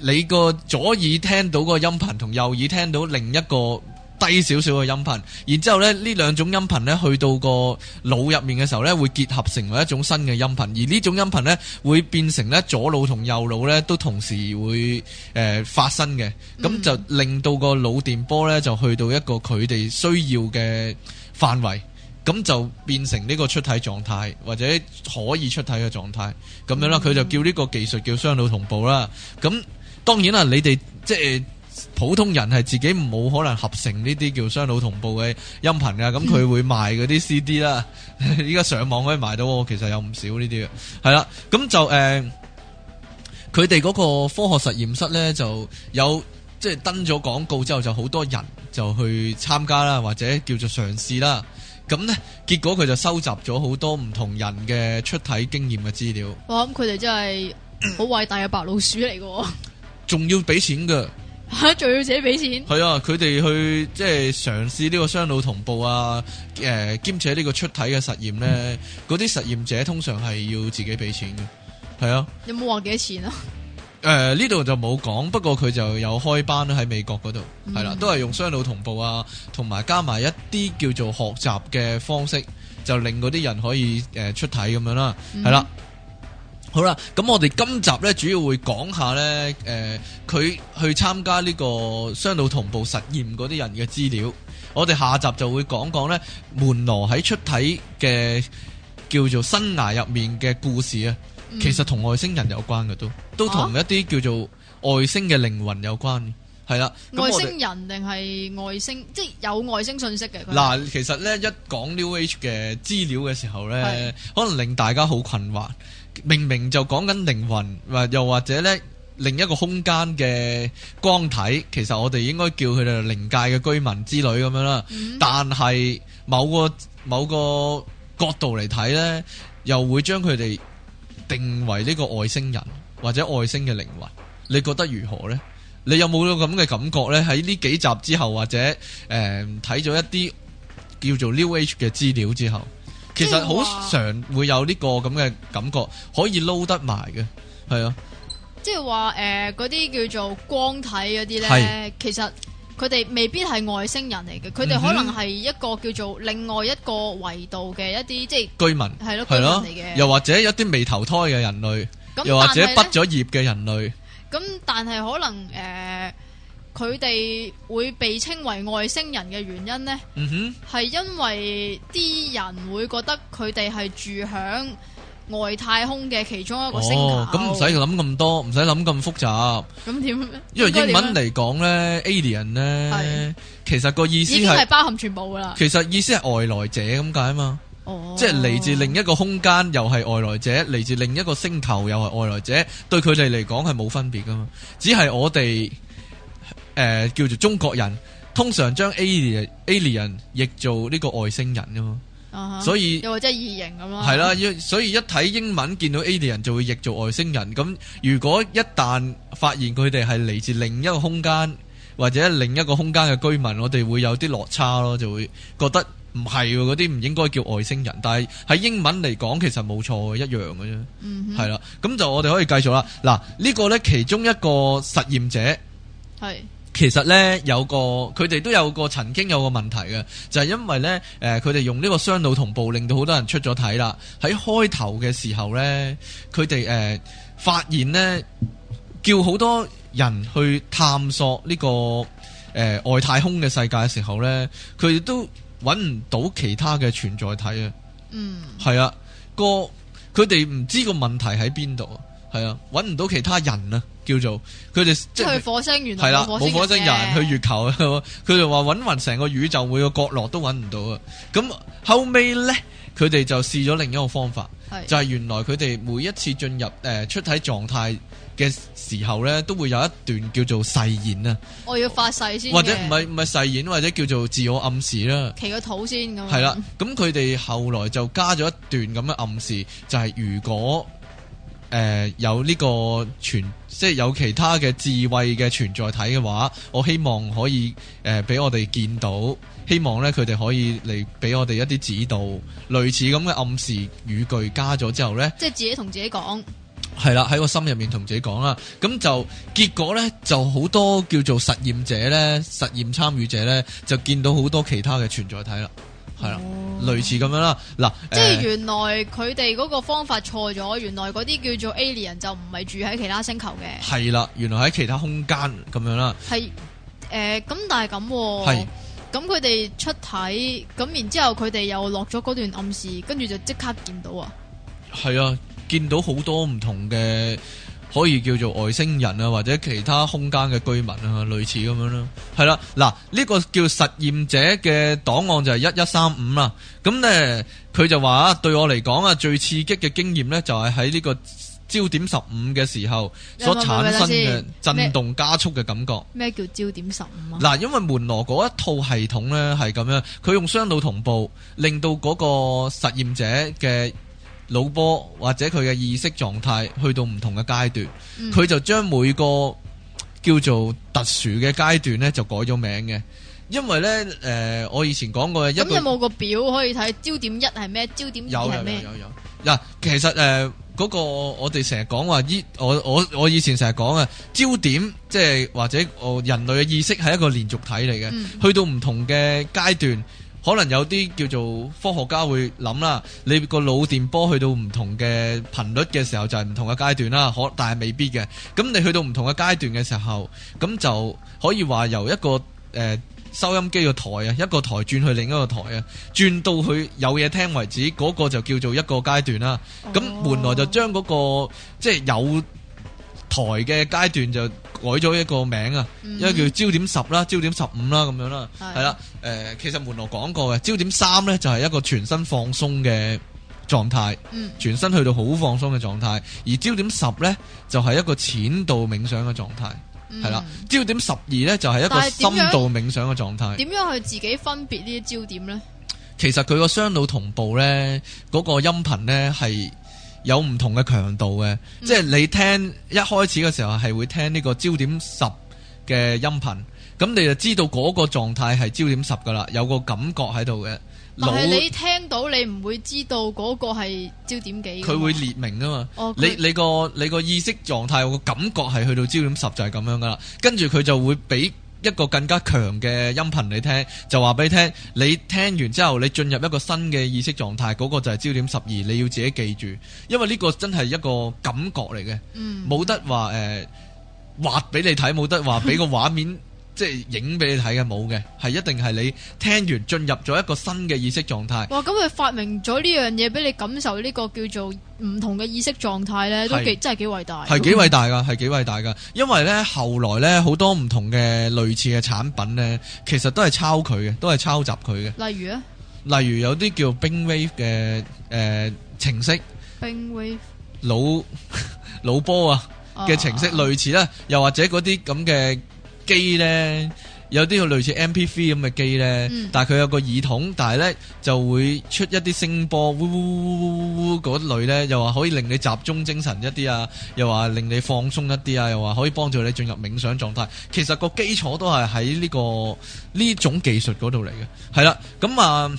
你個左耳聽到個音頻，同右耳聽到另一個低少少嘅音頻，然之後咧，呢兩種音頻咧去到個腦入面嘅時候咧，會結合成為一種新嘅音頻，而呢種音頻咧會變成咧左腦同右腦咧都同時會誒、呃、發生嘅，咁就令到個腦電波咧就去到一個佢哋需要嘅範圍，咁就變成呢個出體狀態或者可以出體嘅狀態，咁樣啦，佢、嗯、就叫呢個技術叫雙腦同步啦，咁當然啦，你哋即係。呃普通人係自己冇可能合成呢啲叫雙腦同步嘅音頻噶咁佢、嗯、會賣嗰啲 CD 啦。依家上網可以買到，其實有唔少呢啲嘅。係啦，咁就誒，佢哋嗰個科學實驗室呢，就有即係、就是、登咗廣告之後，就好多人就去參加啦，或者叫做嘗試啦。咁呢結果佢就收集咗好多唔同人嘅出體經驗嘅資料。我諗佢哋真係好偉大嘅白老鼠嚟嘅，哦，仲要俾錢嘅。仲要自己俾錢？係啊，佢哋去即係嘗試呢個雙腦同步啊，誒、呃，兼且呢個出體嘅實驗呢，嗰啲、嗯、實驗者通常係要自己俾錢嘅，係啊。有冇話幾多錢啊？誒、呃，呢度就冇講，不過佢就有開班啦，喺美國嗰度，係、嗯、啦，都係用雙腦同步啊，同埋加埋一啲叫做學習嘅方式，就令嗰啲人可以誒、呃、出體咁樣、嗯、啦，係啦。好啦，咁我哋今集呢，主要會講下呢，誒、呃，佢去參加呢個雙腦同步實驗嗰啲人嘅資料。我哋下集就會講講呢，門羅喺出體嘅叫做生涯入面嘅故事啊。其實同外星人有關嘅都都同一啲叫做外星嘅靈魂有關。係、啊、啦，外星人定係外星，即係有外星信息嘅。嗱，其實呢，一講 New Age 嘅資料嘅時候呢，是可能令大家好困惑。明明就講緊靈魂，或又或者咧另一個空間嘅光體，其實我哋應該叫佢哋靈界嘅居民之類咁樣啦。嗯，但係某個某個角度嚟睇咧，又會將佢哋定為呢個外星人或者外星嘅靈魂。你覺得如何咧？你有冇咁嘅感覺咧？喺呢幾集之後，或者誒睇咗一啲叫做 New Age 嘅資料之後。其實好常會有呢個咁嘅感覺，可以撈得埋嘅，係啊。即係話誒，嗰啲叫做光體嗰啲咧，其實佢哋未必係外星人嚟嘅，佢哋可能係一個叫做另外一個維度嘅一啲即係居民，係咯居民嚟嘅。又或者一啲未投胎嘅人類，又或者畢咗業嘅人類。咁但係可能誒。佢哋會被稱為外星人嘅原因呢，嗯哼，係因為啲人會覺得佢哋係住響外太空嘅其中一個星球。咁唔使諗咁多，唔使諗咁複雜。咁點呢？因為英文嚟講呢，alien 呢，其實個意思已經係包含全部噶啦。其實意思係外來者咁解啊嘛，即係嚟自另一個空間，又係外來者；嚟自另一個星球，又係外來者。對佢哋嚟講係冇分別噶嘛，只係我哋。誒，叫做中國人，通常將 alien alien 譯做呢個外星人噶嘛，所以又或者異形咁咯，係啦，一所以一睇英文見到 alien 就會譯做外星人，咁如果一旦發現佢哋係嚟自另一個空間或者另一個空間嘅居民，我哋會有啲落差咯，就會覺得唔係嗰啲唔應該叫外星人，但係喺英文嚟講其實冇錯，一樣噶啫，嗯，係啦，咁就我哋可以繼續啦。嗱，呢個呢其中一個實驗者係其實呢，有個，佢哋都有個曾經有個問題嘅，就係因為呢，誒佢哋用呢個雙腦同步，令到好多人出咗體啦。喺開頭嘅時候呢，佢哋誒發現呢，叫好多人去探索呢個誒外太空嘅世界嘅時候呢，佢哋都揾唔到其他嘅存在體啊。嗯，係啊，個佢哋唔知個問題喺邊度。係啊，搵唔到其他人啊，叫做佢哋即係火，火星人，係啦的，冇火星人，的人去月球，啊。佢哋話搵匀成個宇宙每個角落都搵唔到啊。咁後尾咧，佢哋就試咗另一個方法，的就係原來佢哋每一次進入誒、呃、出體狀態嘅時候咧，都會有一段叫做誓言啊。我要發誓先。或者唔係唔係誓言，或者叫做自我暗示啦。祈個禱先咁。係啦，咁佢哋後來就加咗一段咁嘅暗示，就係、是、如果，誒、呃，有呢個存，即係有其他嘅智慧嘅存在體嘅話，我希望可以誒，俾、呃、我哋見到，希望呢佢哋可以嚟俾我哋一啲指導，類似咁嘅暗示語句加咗之後呢，即係自己同自己講，係啦，喺個心入面同自己講啦，咁就結果呢，就好多叫做實驗者呢，實驗參與者呢，就見到好多其他嘅存在體啦。係對、哦、啦，類似咁樣啦。嗱，即係原來佢哋嗰個方法錯咗，呃、原來嗰啲叫做 Alien 就唔係住喺其他星球嘅。係啦，原來喺其他空間咁樣啦。係，誒、呃，咁但係咁、啊，係是，咁佢哋出體，咁然之後佢哋又落咗嗰段暗示，跟住就即刻見到啊。係啊，見到好多唔同嘅。可以叫做外星人啊，或者其他空間嘅居民啊，類似咁樣咯。係啦，嗱，呢個叫實驗者嘅檔案就係一一三五啦。咁呢，佢就話啊，對我嚟講啊，最刺激嘅經驗呢，就係喺呢個焦點十五嘅時候所產生嘅震動加速嘅感覺。咩叫焦點十五啊？嗱，因為門羅嗰一套系統呢，係咁樣，佢用雙腦同步，令到嗰個實驗者嘅腦波或者佢嘅意識狀態去到唔同嘅階段，佢、嗯、就將每個叫做特殊嘅階段呢就改咗名嘅，因為呢，誒、呃、我以前講過一，有有一有冇個表可以睇焦點一係咩？焦點二係咩？有有有。嗱，嗯、Yeah, 其實誒嗰、呃那個我哋成日講話依我我我以前成日講啊，焦點即係或者我人類嘅意識係一個連續體嚟嘅，嗯、去到唔同嘅階段。可能有啲叫做科學家會諗啦，你個腦電波去到唔同嘅頻率嘅時候，就係唔同嘅階段啦。可但係未必嘅。咁你去到唔同嘅階段嘅時候，咁就可以話由一個誒、呃、收音機個台啊，一個台轉去另一個台啊，轉到去有嘢聽為止，嗰個就叫做一個階段啦。咁門、oh. 羅就將嗰個即係有台嘅階段就。改咗一個名啊，mm hmm. 一個叫焦點十啦，焦點十五啦咁樣啦，係啦的。誒、呃，其實門羅講過嘅焦點三呢就係一個全身放鬆嘅狀態，mm hmm. 全身去到好放鬆嘅狀態。而焦點十呢，就係一個淺度冥想嘅狀態，係啦、mm。焦、hmm. 點十二呢，就係一個深度冥想嘅狀態。點樣去自己分別呢啲焦點呢？其實佢個雙腦同步呢，嗰、那個音頻呢，係。有唔同嘅強度嘅，嗯、即係你聽一開始嘅時候係會聽呢個焦點十嘅音頻，咁你就知道嗰個狀態係焦點十噶啦，有個感覺喺度嘅。但係你聽到你唔會知道嗰個係焦點幾。佢會列明啊嘛，哦、你你個你個意識狀態個感覺係去到焦點十就係咁樣噶啦，跟住佢就會俾。一個更加強嘅音頻你聽，就話俾你聽。你聽完之後你進入一個新嘅意識狀態，嗰個就係焦點十二，你要自己記住，因為呢個真係一個感覺嚟嘅，嗯，冇得話誒畫俾你睇，冇得話俾個畫面。 即係影俾你睇嘅冇嘅，係一定係你聽完進入咗一個新嘅意識狀態。哇！咁佢發明咗呢樣嘢俾你感受呢個叫做唔同嘅意識狀態呢，都幾是真係幾偉大。係幾偉大噶，係幾偉大噶。因為呢，後來呢，好多唔同嘅類似嘅產品呢，其實都係抄佢嘅，都係抄襲佢嘅。例如咧，例如有啲叫冰 wave 嘅誒程式冰 wave 腦老 波啊嘅程式、啊、類似啦，又或者嗰啲咁嘅。機呢，有啲嘅類似 MP3 咁嘅機呢，嗯、但係佢有個耳筒，但係呢就會出一啲聲波，嗚嗚嗚嗚嗰類呢，又話可以令你集中精神一啲啊，又話令你放鬆一啲啊，又話可以幫助你進入冥想狀態。其實個基礎都係喺呢個呢種技術嗰度嚟嘅。係啦，咁啊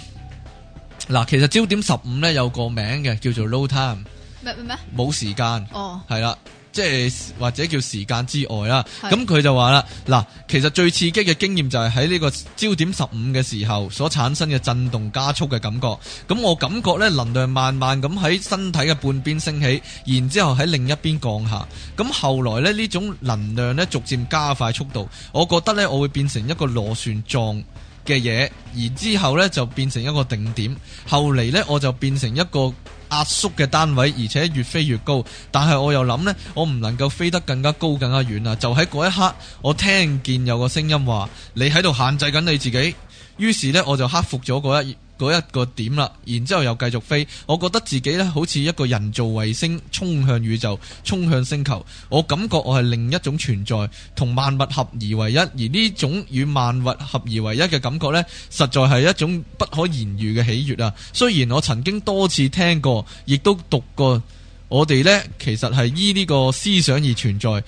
嗱，其實焦點十五呢有個名嘅叫做 Low Time，咩咩咩？冇時間。哦。係啦。即係或者叫時間之外啦，咁佢是就話啦，嗱，其實最刺激嘅經驗就係喺呢個焦點十五嘅時候所產生嘅震動加速嘅感覺。咁我感覺呢，能量慢慢咁喺身體嘅半邊升起，然之後喺另一邊降下。咁後來呢，呢種能量呢，逐漸加快速度，我覺得呢，我會變成一個螺旋狀。嘅嘢，而之後咧就變成一個定點。後嚟咧我就變成一個壓縮嘅單位，而且越飛越高。但係我又諗咧，我唔能夠飛得更加高、更加遠啊！就喺嗰一刻，我聽見有個聲音話：你喺度限制緊你自己。於是咧，我就克服咗嗰一，嗰一個點啦，然之後又繼續飛。我覺得自己呢，好似一個人造衛星，衝向宇宙，衝向星球。我感覺我係另一種存在，同萬物合而為一。而呢種與萬物合而為一嘅感覺呢，實在係一種不可言喻嘅喜悅啊！雖然我曾經多次聽過，亦都讀過，我哋呢，其實係依呢個思想而存在。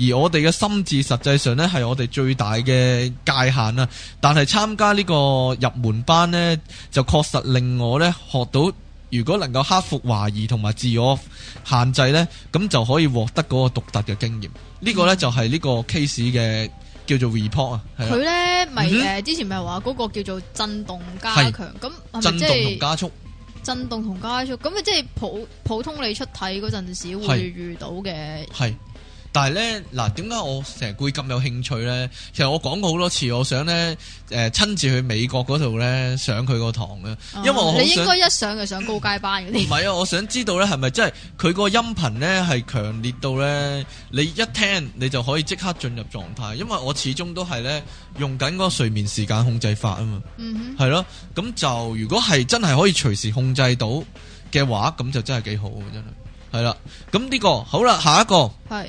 而我哋嘅心智，實際上呢，係我哋最大嘅界限啊。但係參加呢個入門班呢，就確實令我呢，學到，如果能夠克服懷疑同埋自我限制呢，咁就可以獲得嗰個獨特嘅經驗。呢、嗯、個,個 port, 呢，就係呢個 case 嘅叫做 report 啊。佢呢，咪之前咪話嗰個叫做震動加強咁，咪即係震動同加速？震動同加速咁咪即係普普通你出體嗰陣時會遇到嘅係。但係咧，嗱，點解我成日會咁有興趣呢？其實我講過好多次，我想咧，誒、呃，親自去美國嗰度咧，上佢個堂啊，因為我好想。你應該一上就上高階班。唔係、嗯、啊，我想知道咧，係咪真係佢嗰個音頻咧係強烈到咧，你一聽你就可以即刻進入狀態。因為我始終都係咧用緊嗰個睡眠時間控制法、嗯、哼啊嘛。嗯係咯，咁就如果係真係可以隨時控制到嘅話，咁就真係幾好，真係。係啦、啊，咁呢、呢個好啦，下一個。係。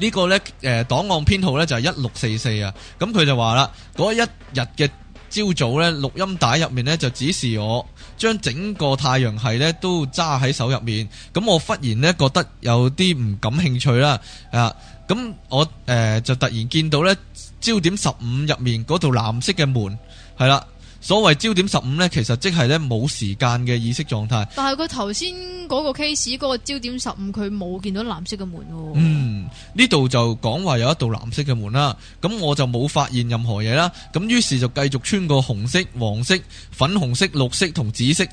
個呢個咧誒檔案編號呢就係、啊、一六四四啊，咁佢就話啦，嗰一日嘅朝早呢，錄音帶入面呢就指示我將整個太陽系呢都揸喺手入面，咁我忽然呢覺得有啲唔感興趣啦啊。咁我誒、呃、就突然見到呢焦點十五入面嗰度藍色嘅門係啦。所謂焦點十五呢，其實即係呢冇時間嘅意識狀態。但係佢頭先嗰個 case，嗰個焦點十五，佢冇見到藍色嘅門喎。嗯，呢度就講話有一道藍色嘅門啦。咁我就冇發現任何嘢啦。咁於是就繼續穿過紅色、黃色、粉紅色、綠色同紫色，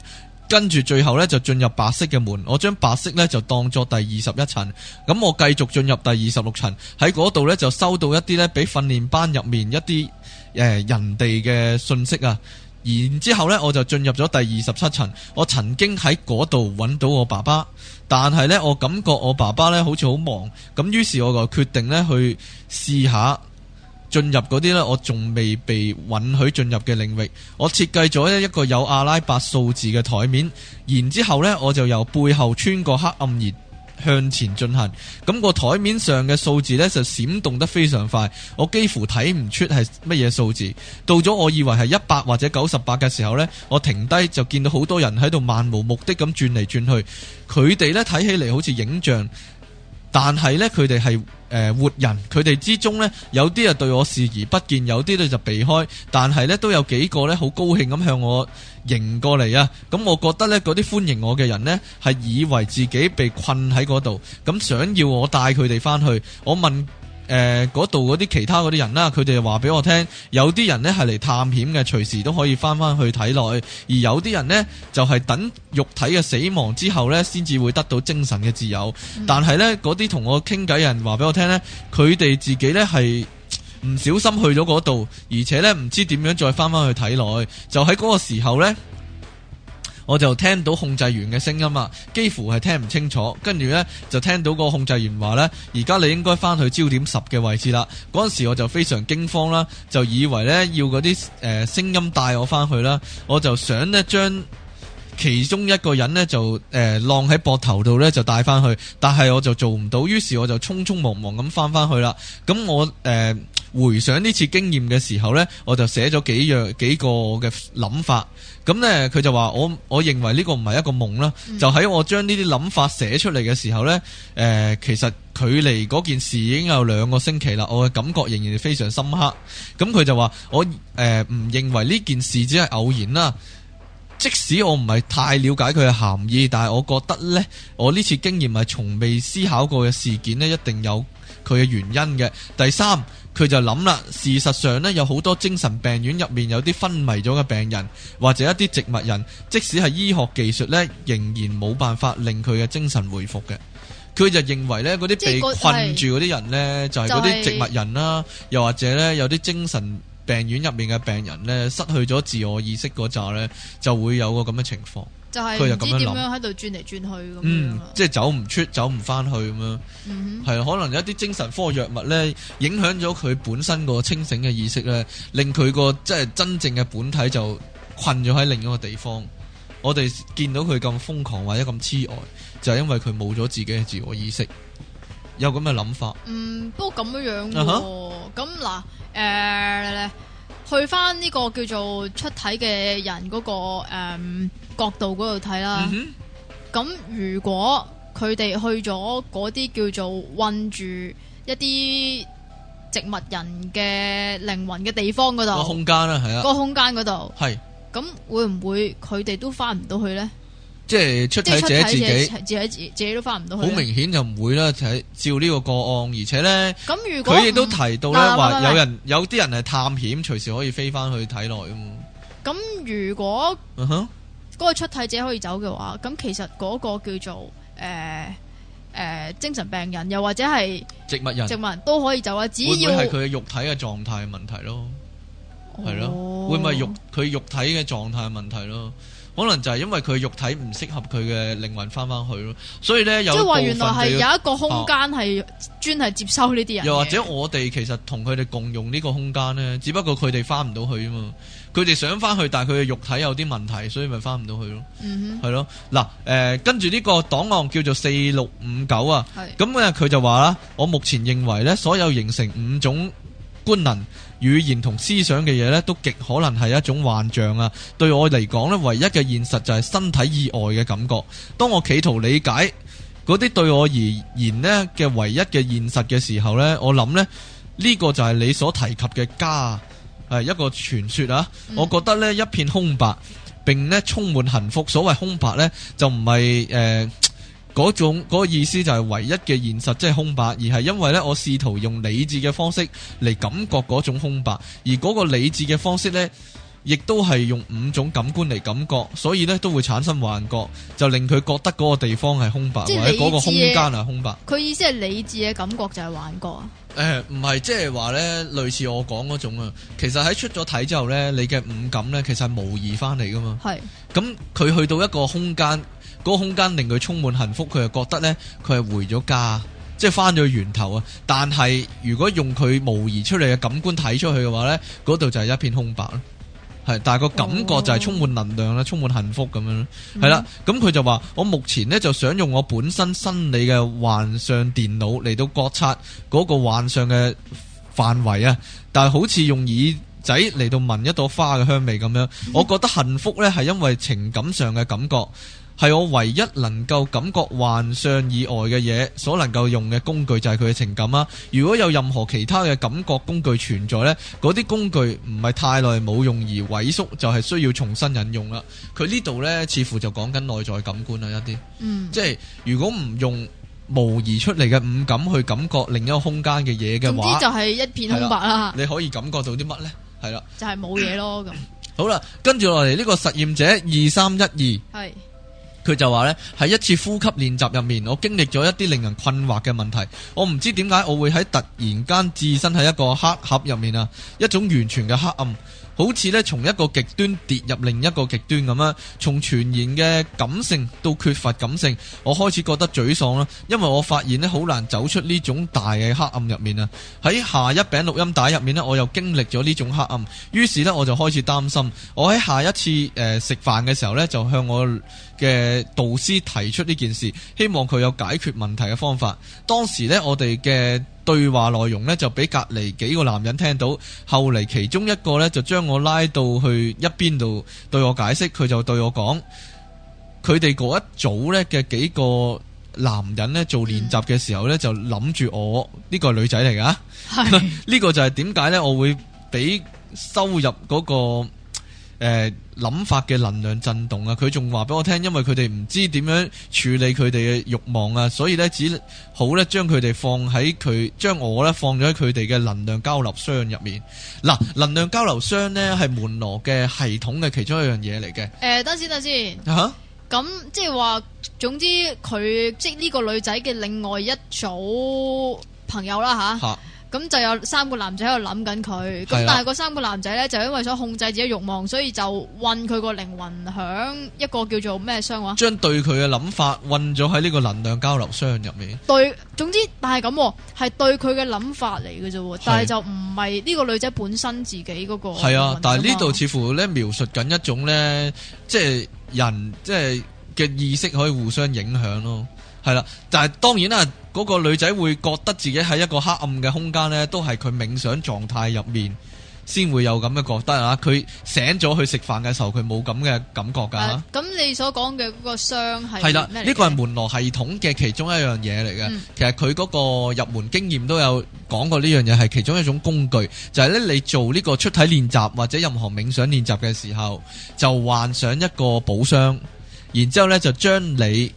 跟住最後呢，就進入白色嘅門。我將白色呢，就當作第二十一層。咁我繼續進入第二十六層，喺嗰度呢，就收到一啲呢，俾訓練班入面一啲。誒，人哋嘅信息啊，然之後呢，我就進入咗第二十七層。我曾經喺嗰度揾到我爸爸，但係呢，我感覺我爸爸呢好似好忙咁，於是我就決定呢去試下進入嗰啲呢。我仲未被允許進入嘅領域。我設計咗一個有阿拉伯數字嘅台面，然之後呢，我就由背後穿過黑暗而。向前進行，咁個台面上嘅數字呢就閃動得非常快，我幾乎睇唔出係乜嘢數字。到咗我以為係一百或者九十八嘅時候呢，我停低就見到好多人喺度漫無目的咁轉嚟轉去，佢哋呢睇起嚟好似影像，但係呢，佢哋係。誒、呃，活人佢哋之中呢，有啲啊對我視而不見，有啲呢就避開，但係呢，都有幾個呢，好高興咁向我迎過嚟啊！咁、嗯、我覺得呢，嗰啲歡迎我嘅人呢，係以為自己被困喺嗰度，咁、嗯、想要我帶佢哋翻去。我問。誒，嗰度嗰啲其他嗰啲人啦，佢哋話俾我聽，有啲人呢係嚟探險嘅，隨時都可以翻翻去體內；而有啲人呢，就係等肉體嘅死亡之後呢，先至會得到精神嘅自由。嗯、但係呢，嗰啲同我傾偈人話俾我聽呢，佢哋自己呢係唔小心去咗嗰度，而且呢，唔知點樣再翻翻去體內，就喺嗰個時候呢。我就聽到控制員嘅聲音啊，幾乎係聽唔清楚，跟住呢，就聽到個控制員話呢，而家你應該翻去焦點十嘅位置啦。嗰陣時我就非常驚慌啦，就以為呢要嗰啲誒聲音帶我翻去啦，我就想呢將其中一個人呢就誒晾喺膊頭度呢，就帶翻去，但係我就做唔到，於是我就匆匆忙忙咁翻翻去啦。咁我誒。呃回想呢次經驗嘅時候呢，我就寫咗幾樣幾個我嘅諗法。咁呢，佢就話我我認為呢個唔係一個夢啦。就喺我將呢啲諗法寫出嚟嘅時候呢誒、呃，其實距離嗰件事已經有兩個星期啦。我嘅感覺仍然非常深刻。咁佢就話我誒唔、呃、認為呢件事只係偶然啦。即使我唔係太了解佢嘅含義，但係我覺得呢，我呢次經驗係從未思考過嘅事件呢，一定有佢嘅原因嘅。第三。佢就諗啦，事實上呢，有好多精神病院入面有啲昏迷咗嘅病人，或者一啲植物人，即使係醫學技術呢，仍然冇辦法令佢嘅精神回復嘅。佢就認為呢，嗰啲被困住嗰啲人呢，就係嗰啲植物人啦，啊，又或者呢，有啲精神病院入面嘅病人呢，失去咗自我意識嗰扎呢，就會有個咁嘅情況。佢就咁樣諗，喺度轉嚟轉去咁。即係走唔出，走唔翻去咁樣。係、嗯、哼可能有一啲精神科藥物呢，影響咗佢本身個清醒嘅意識咧，令佢個即係真正嘅本體就困咗喺另一個地方。我哋見到佢咁瘋狂或者咁痴呆，就係、是、因為佢冇咗自己嘅自我意識，有咁嘅諗法。嗯，不過咁樣樣、啊。咁嗱、uh，誒、huh.。呃去翻呢個叫做出體嘅人嗰、那個誒、嗯、角度嗰度睇啦。咁、嗯、哼如果佢哋去咗嗰啲叫做困住一啲植物人嘅靈魂嘅地方嗰度，個空間啦係啊，個空間嗰度係。咁的會唔會佢哋都翻唔到去咧？即係出體者自己，自己，自己，自，己自己都翻唔到去了。好明顯就唔會啦，就照呢個個案，而且咧，佢亦都提到咧話，有人有啲人係探險，隨時可以飛翻去體內啊嘛。咁如果嗰個出體者可以走嘅話，咁、uh huh. 其實嗰個叫做誒誒、呃呃、精神病人，又或者係植物人，植物人都可以走啊。只要係佢嘅肉體嘅狀態問題咯，係咯，會唔係肉佢肉體嘅狀態問題咯？可能就係因為佢肉體唔適合佢嘅靈魂翻翻去咯，所以咧即係話原來係有一個空間係專係接收呢啲人。又或者我哋其實同佢哋共用呢個空間呢，只不過佢哋翻唔到去啊嘛。佢哋想翻去，但係佢嘅肉體有啲問題，所以咪翻唔到去咯。嗯哼，係咯。嗱、呃，誒，跟住呢個檔案叫做四六五九啊，咁佢、嗯、就話啦，我目前認為呢所有形成五種官能，語言同思想嘅嘢咧，都極可能係一種幻象啊！對我嚟講咧，唯一嘅現實就係身體意外嘅感覺。當我企圖理解嗰啲對我而言咧嘅唯一嘅現實嘅時候呢，我諗咧呢個就係你所提及嘅家係一個傳說啊！嗯、我覺得呢一片空白，並咧充滿幸福。所謂空白呢，就唔係誒。嗰種、嗰個意思就係唯一嘅現實，即係空白，而係因為呢，我試圖用理智嘅方式嚟感覺嗰種空白，而嗰個理智嘅方式呢，亦都係用五種感官嚟感覺，所以呢，都會產生幻覺，就令佢覺得嗰個地方係空白，或者嗰個空間係空白。佢意思係理智嘅感覺就係幻覺啊？誒、欸，唔係，即係話呢，類似我講嗰種啊。其實喺出咗體之後呢，你嘅五感呢，其實係模擬翻嚟噶嘛。係。咁佢去到一個空間。嗰空間令佢充滿幸福，佢又覺得呢，佢係回咗家，即係返咗源頭啊。但係如果用佢模擬出嚟嘅感官睇出去嘅話呢，嗰度就係一片空白咯。但係個感覺就係充滿能量啦，哦、充滿幸福咁樣咯。係啦，咁佢、嗯、就話我目前呢，就想用我本身心理嘅幻象電腦嚟到覺察嗰個幻象嘅範圍啊。但係好似用耳仔嚟到聞一朵花嘅香味咁樣，我覺得幸福呢係因為情感上嘅感覺。係我唯一能夠感覺幻象以外嘅嘢，所能夠用嘅工具就係佢嘅情感啦。如果有任何其他嘅感覺工具存在咧，嗰啲工具唔係太耐冇用而萎縮，就係需要重新引用啦。佢呢度咧，似乎就講緊內在感官啦一啲，嗯，即係如果唔用模擬出嚟嘅五感去感覺另一個空間嘅嘢嘅話，總之就係一片空白啦。你可以感覺到啲乜咧？係啦，就係冇嘢咯咁。好啦，跟住落嚟呢個實驗者二三一二係。佢就話呢喺一次呼吸練習入面，我經歷咗一啲令人困惑嘅問題。我唔知點解，我會喺突然間置身喺一個黑盒入面啊，一種完全嘅黑暗。好似咧，從一個極端跌入另一個極端咁啦，從傳言嘅感性到缺乏感性，我開始覺得沮喪啦，因為我發現呢，好難走出呢種大嘅黑暗入面啊！喺下一餅錄音帶入面呢，我又經歷咗呢種黑暗，於是呢，我就開始擔心，我喺下一次誒食飯嘅時候呢，就向我嘅導師提出呢件事，希望佢有解決問題嘅方法。當時呢，我哋嘅對話內容咧就俾隔籬幾個男人聽到，後嚟其中一個咧就將我拉到去一邊度對我解釋，佢就對我講：，佢哋嗰一組咧嘅幾個男人咧做練習嘅時候咧就諗住我呢個女仔嚟噶，呢是 個就係點解咧我會俾收入、嗰個。誒、諗、呃、法嘅能量震動啊！佢仲話俾我聽，因為佢哋唔知點樣處理佢哋嘅慾望啊，所以咧只好咧將佢哋放喺佢，將我咧放咗喺佢哋嘅能量交流箱入面。嗱，能量交流箱咧係門羅嘅系統嘅其中一樣嘢嚟嘅。誒、呃，等先，等先。吓、啊，咁即係話，總之佢即係呢個女仔嘅另外一組朋友啦，吓、啊。咁就有三個男仔喺度諗緊佢，咁的但係嗰三個男仔呢，就因為想控制自己欲望，所以就困佢個靈魂響一個叫做咩箱話？將對佢嘅諗法困咗喺呢個能量交流箱入面。對，總之但係咁，係對佢嘅諗法嚟嘅啫，但係的就唔係呢個女仔本身自己嗰個。係啊，但係呢度似乎咧描述緊一種呢，即係人，即係嘅意識可以互相影響咯。係啦，但係當然啦，嗰個女仔會覺得自己喺一個黑暗嘅空間咧，都係佢冥想狀態入面，先會有咁嘅覺得啊。佢醒咗去食飯嘅時候，佢冇咁嘅感覺噶。咁你所講嘅嗰個箱係，係啦，呢個係門羅系統嘅其中一樣嘢嚟嘅。其實佢嗰個入門經驗都有講過呢樣嘢係其中一種工具，就係咧你做呢個出體練習或者任何冥想練習嘅時候，就幻想一個寶箱，然之後咧就將你。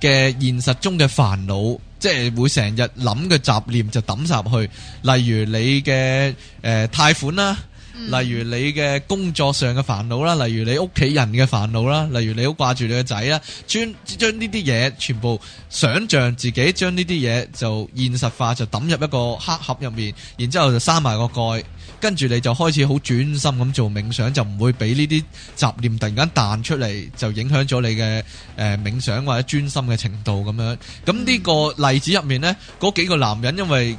嘅現實中嘅煩惱，即係會成日諗嘅雜念就抌入去，例如你嘅誒、呃、貸款啦，例如你嘅工作上嘅煩惱啦，例如你屋企人嘅煩惱啦，例如你好掛住你嘅仔啦，將呢啲嘢全部想像自己將呢啲嘢就現實化，就抌入一個黑盒入面，然之後就閂埋個蓋。跟住你就開始好專心咁做冥想，就唔會俾呢啲雜念突然間彈出嚟，就影響咗你嘅誒冥想或者專心嘅程度咁樣。咁呢個例子入面咧，嗰幾個男人因為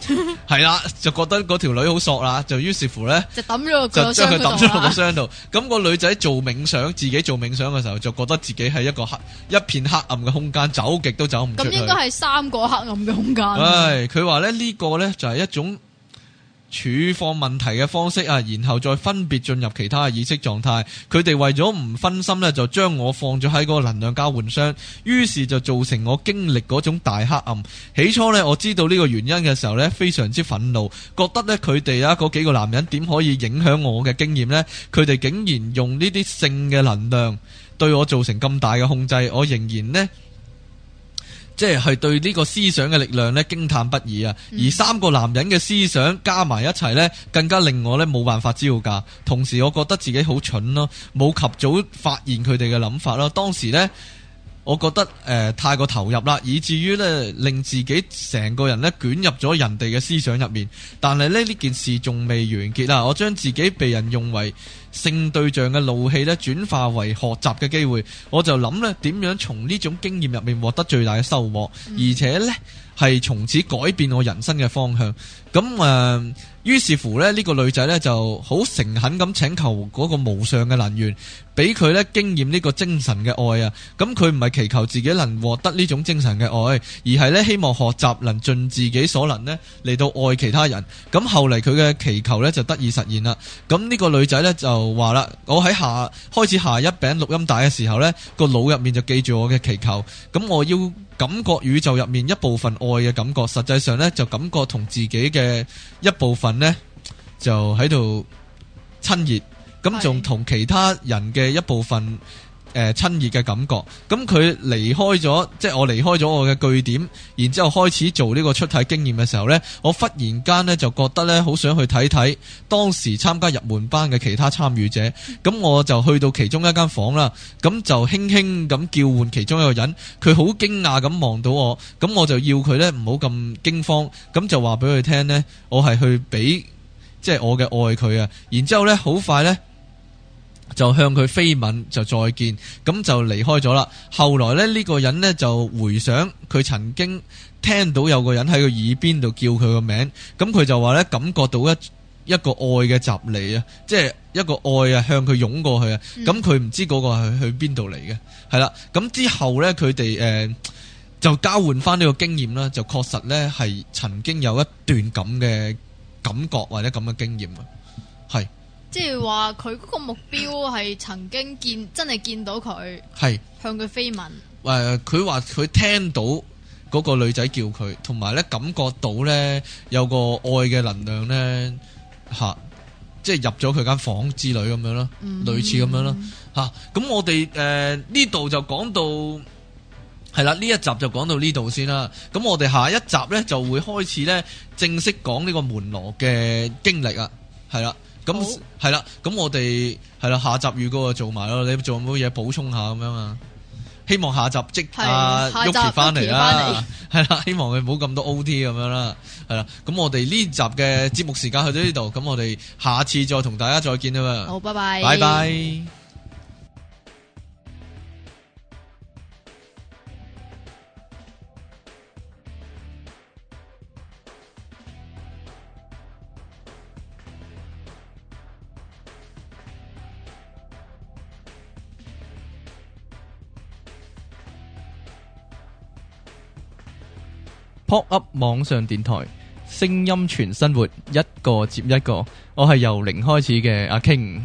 係啦，就覺得嗰條女好索啦，就於是乎咧就抌咗佢，將佢抌咗落個箱度。咁個女仔做冥想，自己做冥想嘅時候，就覺得自己係一個黑一片黑暗嘅空間，走極都走唔到。咁應該係三個黑暗嘅空間。唉，佢話咧呢個咧就係一種。處放問題嘅方式啊，然後再分別進入其他嘅意識狀態。佢哋為咗唔分心呢，就將我放咗喺個能量交換箱，於是就造成我經歷嗰種大黑暗。起初呢，我知道呢個原因嘅時候呢，非常之憤怒，覺得呢，佢哋啊，嗰幾個男人點可以影響我嘅經驗呢？佢哋竟然用呢啲性嘅能量對我造成咁大嘅控制，我仍然呢。即係對呢個思想嘅力量咧，驚嘆不已啊！而三個男人嘅思想加埋一齊呢，更加令我咧，冇辦法招架。同時我覺得自己好蠢咯，冇及早發現佢哋嘅諗法咯。當時呢，我覺得誒、呃、太過投入啦，以至於咧，令自己成個人咧，捲入咗人哋嘅思想入面。但係咧呢件事仲未完結啦，我將自己被人用為性對象嘅怒氣咧，轉化為學習嘅機會，我就諗咧，點樣從呢種經驗入面獲得最大嘅收穫，嗯、而且咧係從此改變我人生嘅方向。咁誒，於、呃、是乎咧，呢個女仔咧就好誠懇咁請求嗰個無上嘅能源，俾佢咧經驗呢個精神嘅愛啊。咁佢唔係祈求自己能獲得呢種精神嘅愛，而係咧希望學習能盡自己所能咧嚟到愛其他人。咁後嚟佢嘅祈求咧就得以實現啦。咁呢個女仔咧就。就話啦，我喺下開始下一餅錄音帶嘅時候呢，個腦入面就記住我嘅祈求，咁我要感覺宇宙入面一部分愛嘅感覺，實際上呢就感覺同自己嘅一部分呢就喺度親熱，咁仲同其他人嘅一部分。誒親熱嘅感覺，咁佢離開咗，即係我離開咗我嘅據點，然之後開始做呢個出體經驗嘅時候呢，我忽然間呢，就覺得呢，好想去睇睇當時參加入門班嘅其他參與者，咁我就去到其中一間房啦，咁就輕輕咁叫喚其中一個人，佢好驚訝咁望到我，咁我就要佢呢，唔好咁驚慌，咁就話俾佢聽呢，我係去俾即係我嘅愛佢啊，然之後呢，好快呢。就向佢飛吻，就再見，咁就離開咗啦。後來咧呢，呢個人呢，就回想，佢曾經聽到有個人喺佢耳邊度叫佢個名，咁佢就話咧感覺到一一個愛嘅襲嚟啊，即係一個愛啊向佢湧過去啊。咁佢唔知嗰個係去邊度嚟嘅，係啦、嗯。咁之後呢，佢哋誒就交換翻呢個經驗啦，就確實呢，係曾經有一段咁嘅感覺或者咁嘅經驗啊，係。即係話佢嗰個目標係曾經見真係見到佢，係是向佢飛吻。誒、呃，佢話佢聽到嗰個女仔叫佢，同埋咧感覺到咧有個愛嘅能量咧吓、啊，即係入咗佢間房間之類咁樣咯，mm hmm. 類似咁樣咯吓。咁、啊、我哋誒呢度就講到係啦，呢一集就講到呢度先啦。咁我哋下一集咧就會開始咧正式講呢個門羅嘅經歷啊，係啦。咁係啦，咁那、oh. 我哋係啦，下集預告做埋咯，你仲有冇嘢補充下咁樣啊？希望下集即阿 Yuki 翻嚟啦，係啦， 希望佢唔好咁多 O T 咁樣啦，係啦，咁我哋呢集嘅節目時間去到呢度，咁我哋下次再同大家再見啊嘛，好，拜拜，拜拜。Pop Up 網上電台，聲音全生活，一個接一個。我係由零開始嘅阿 King。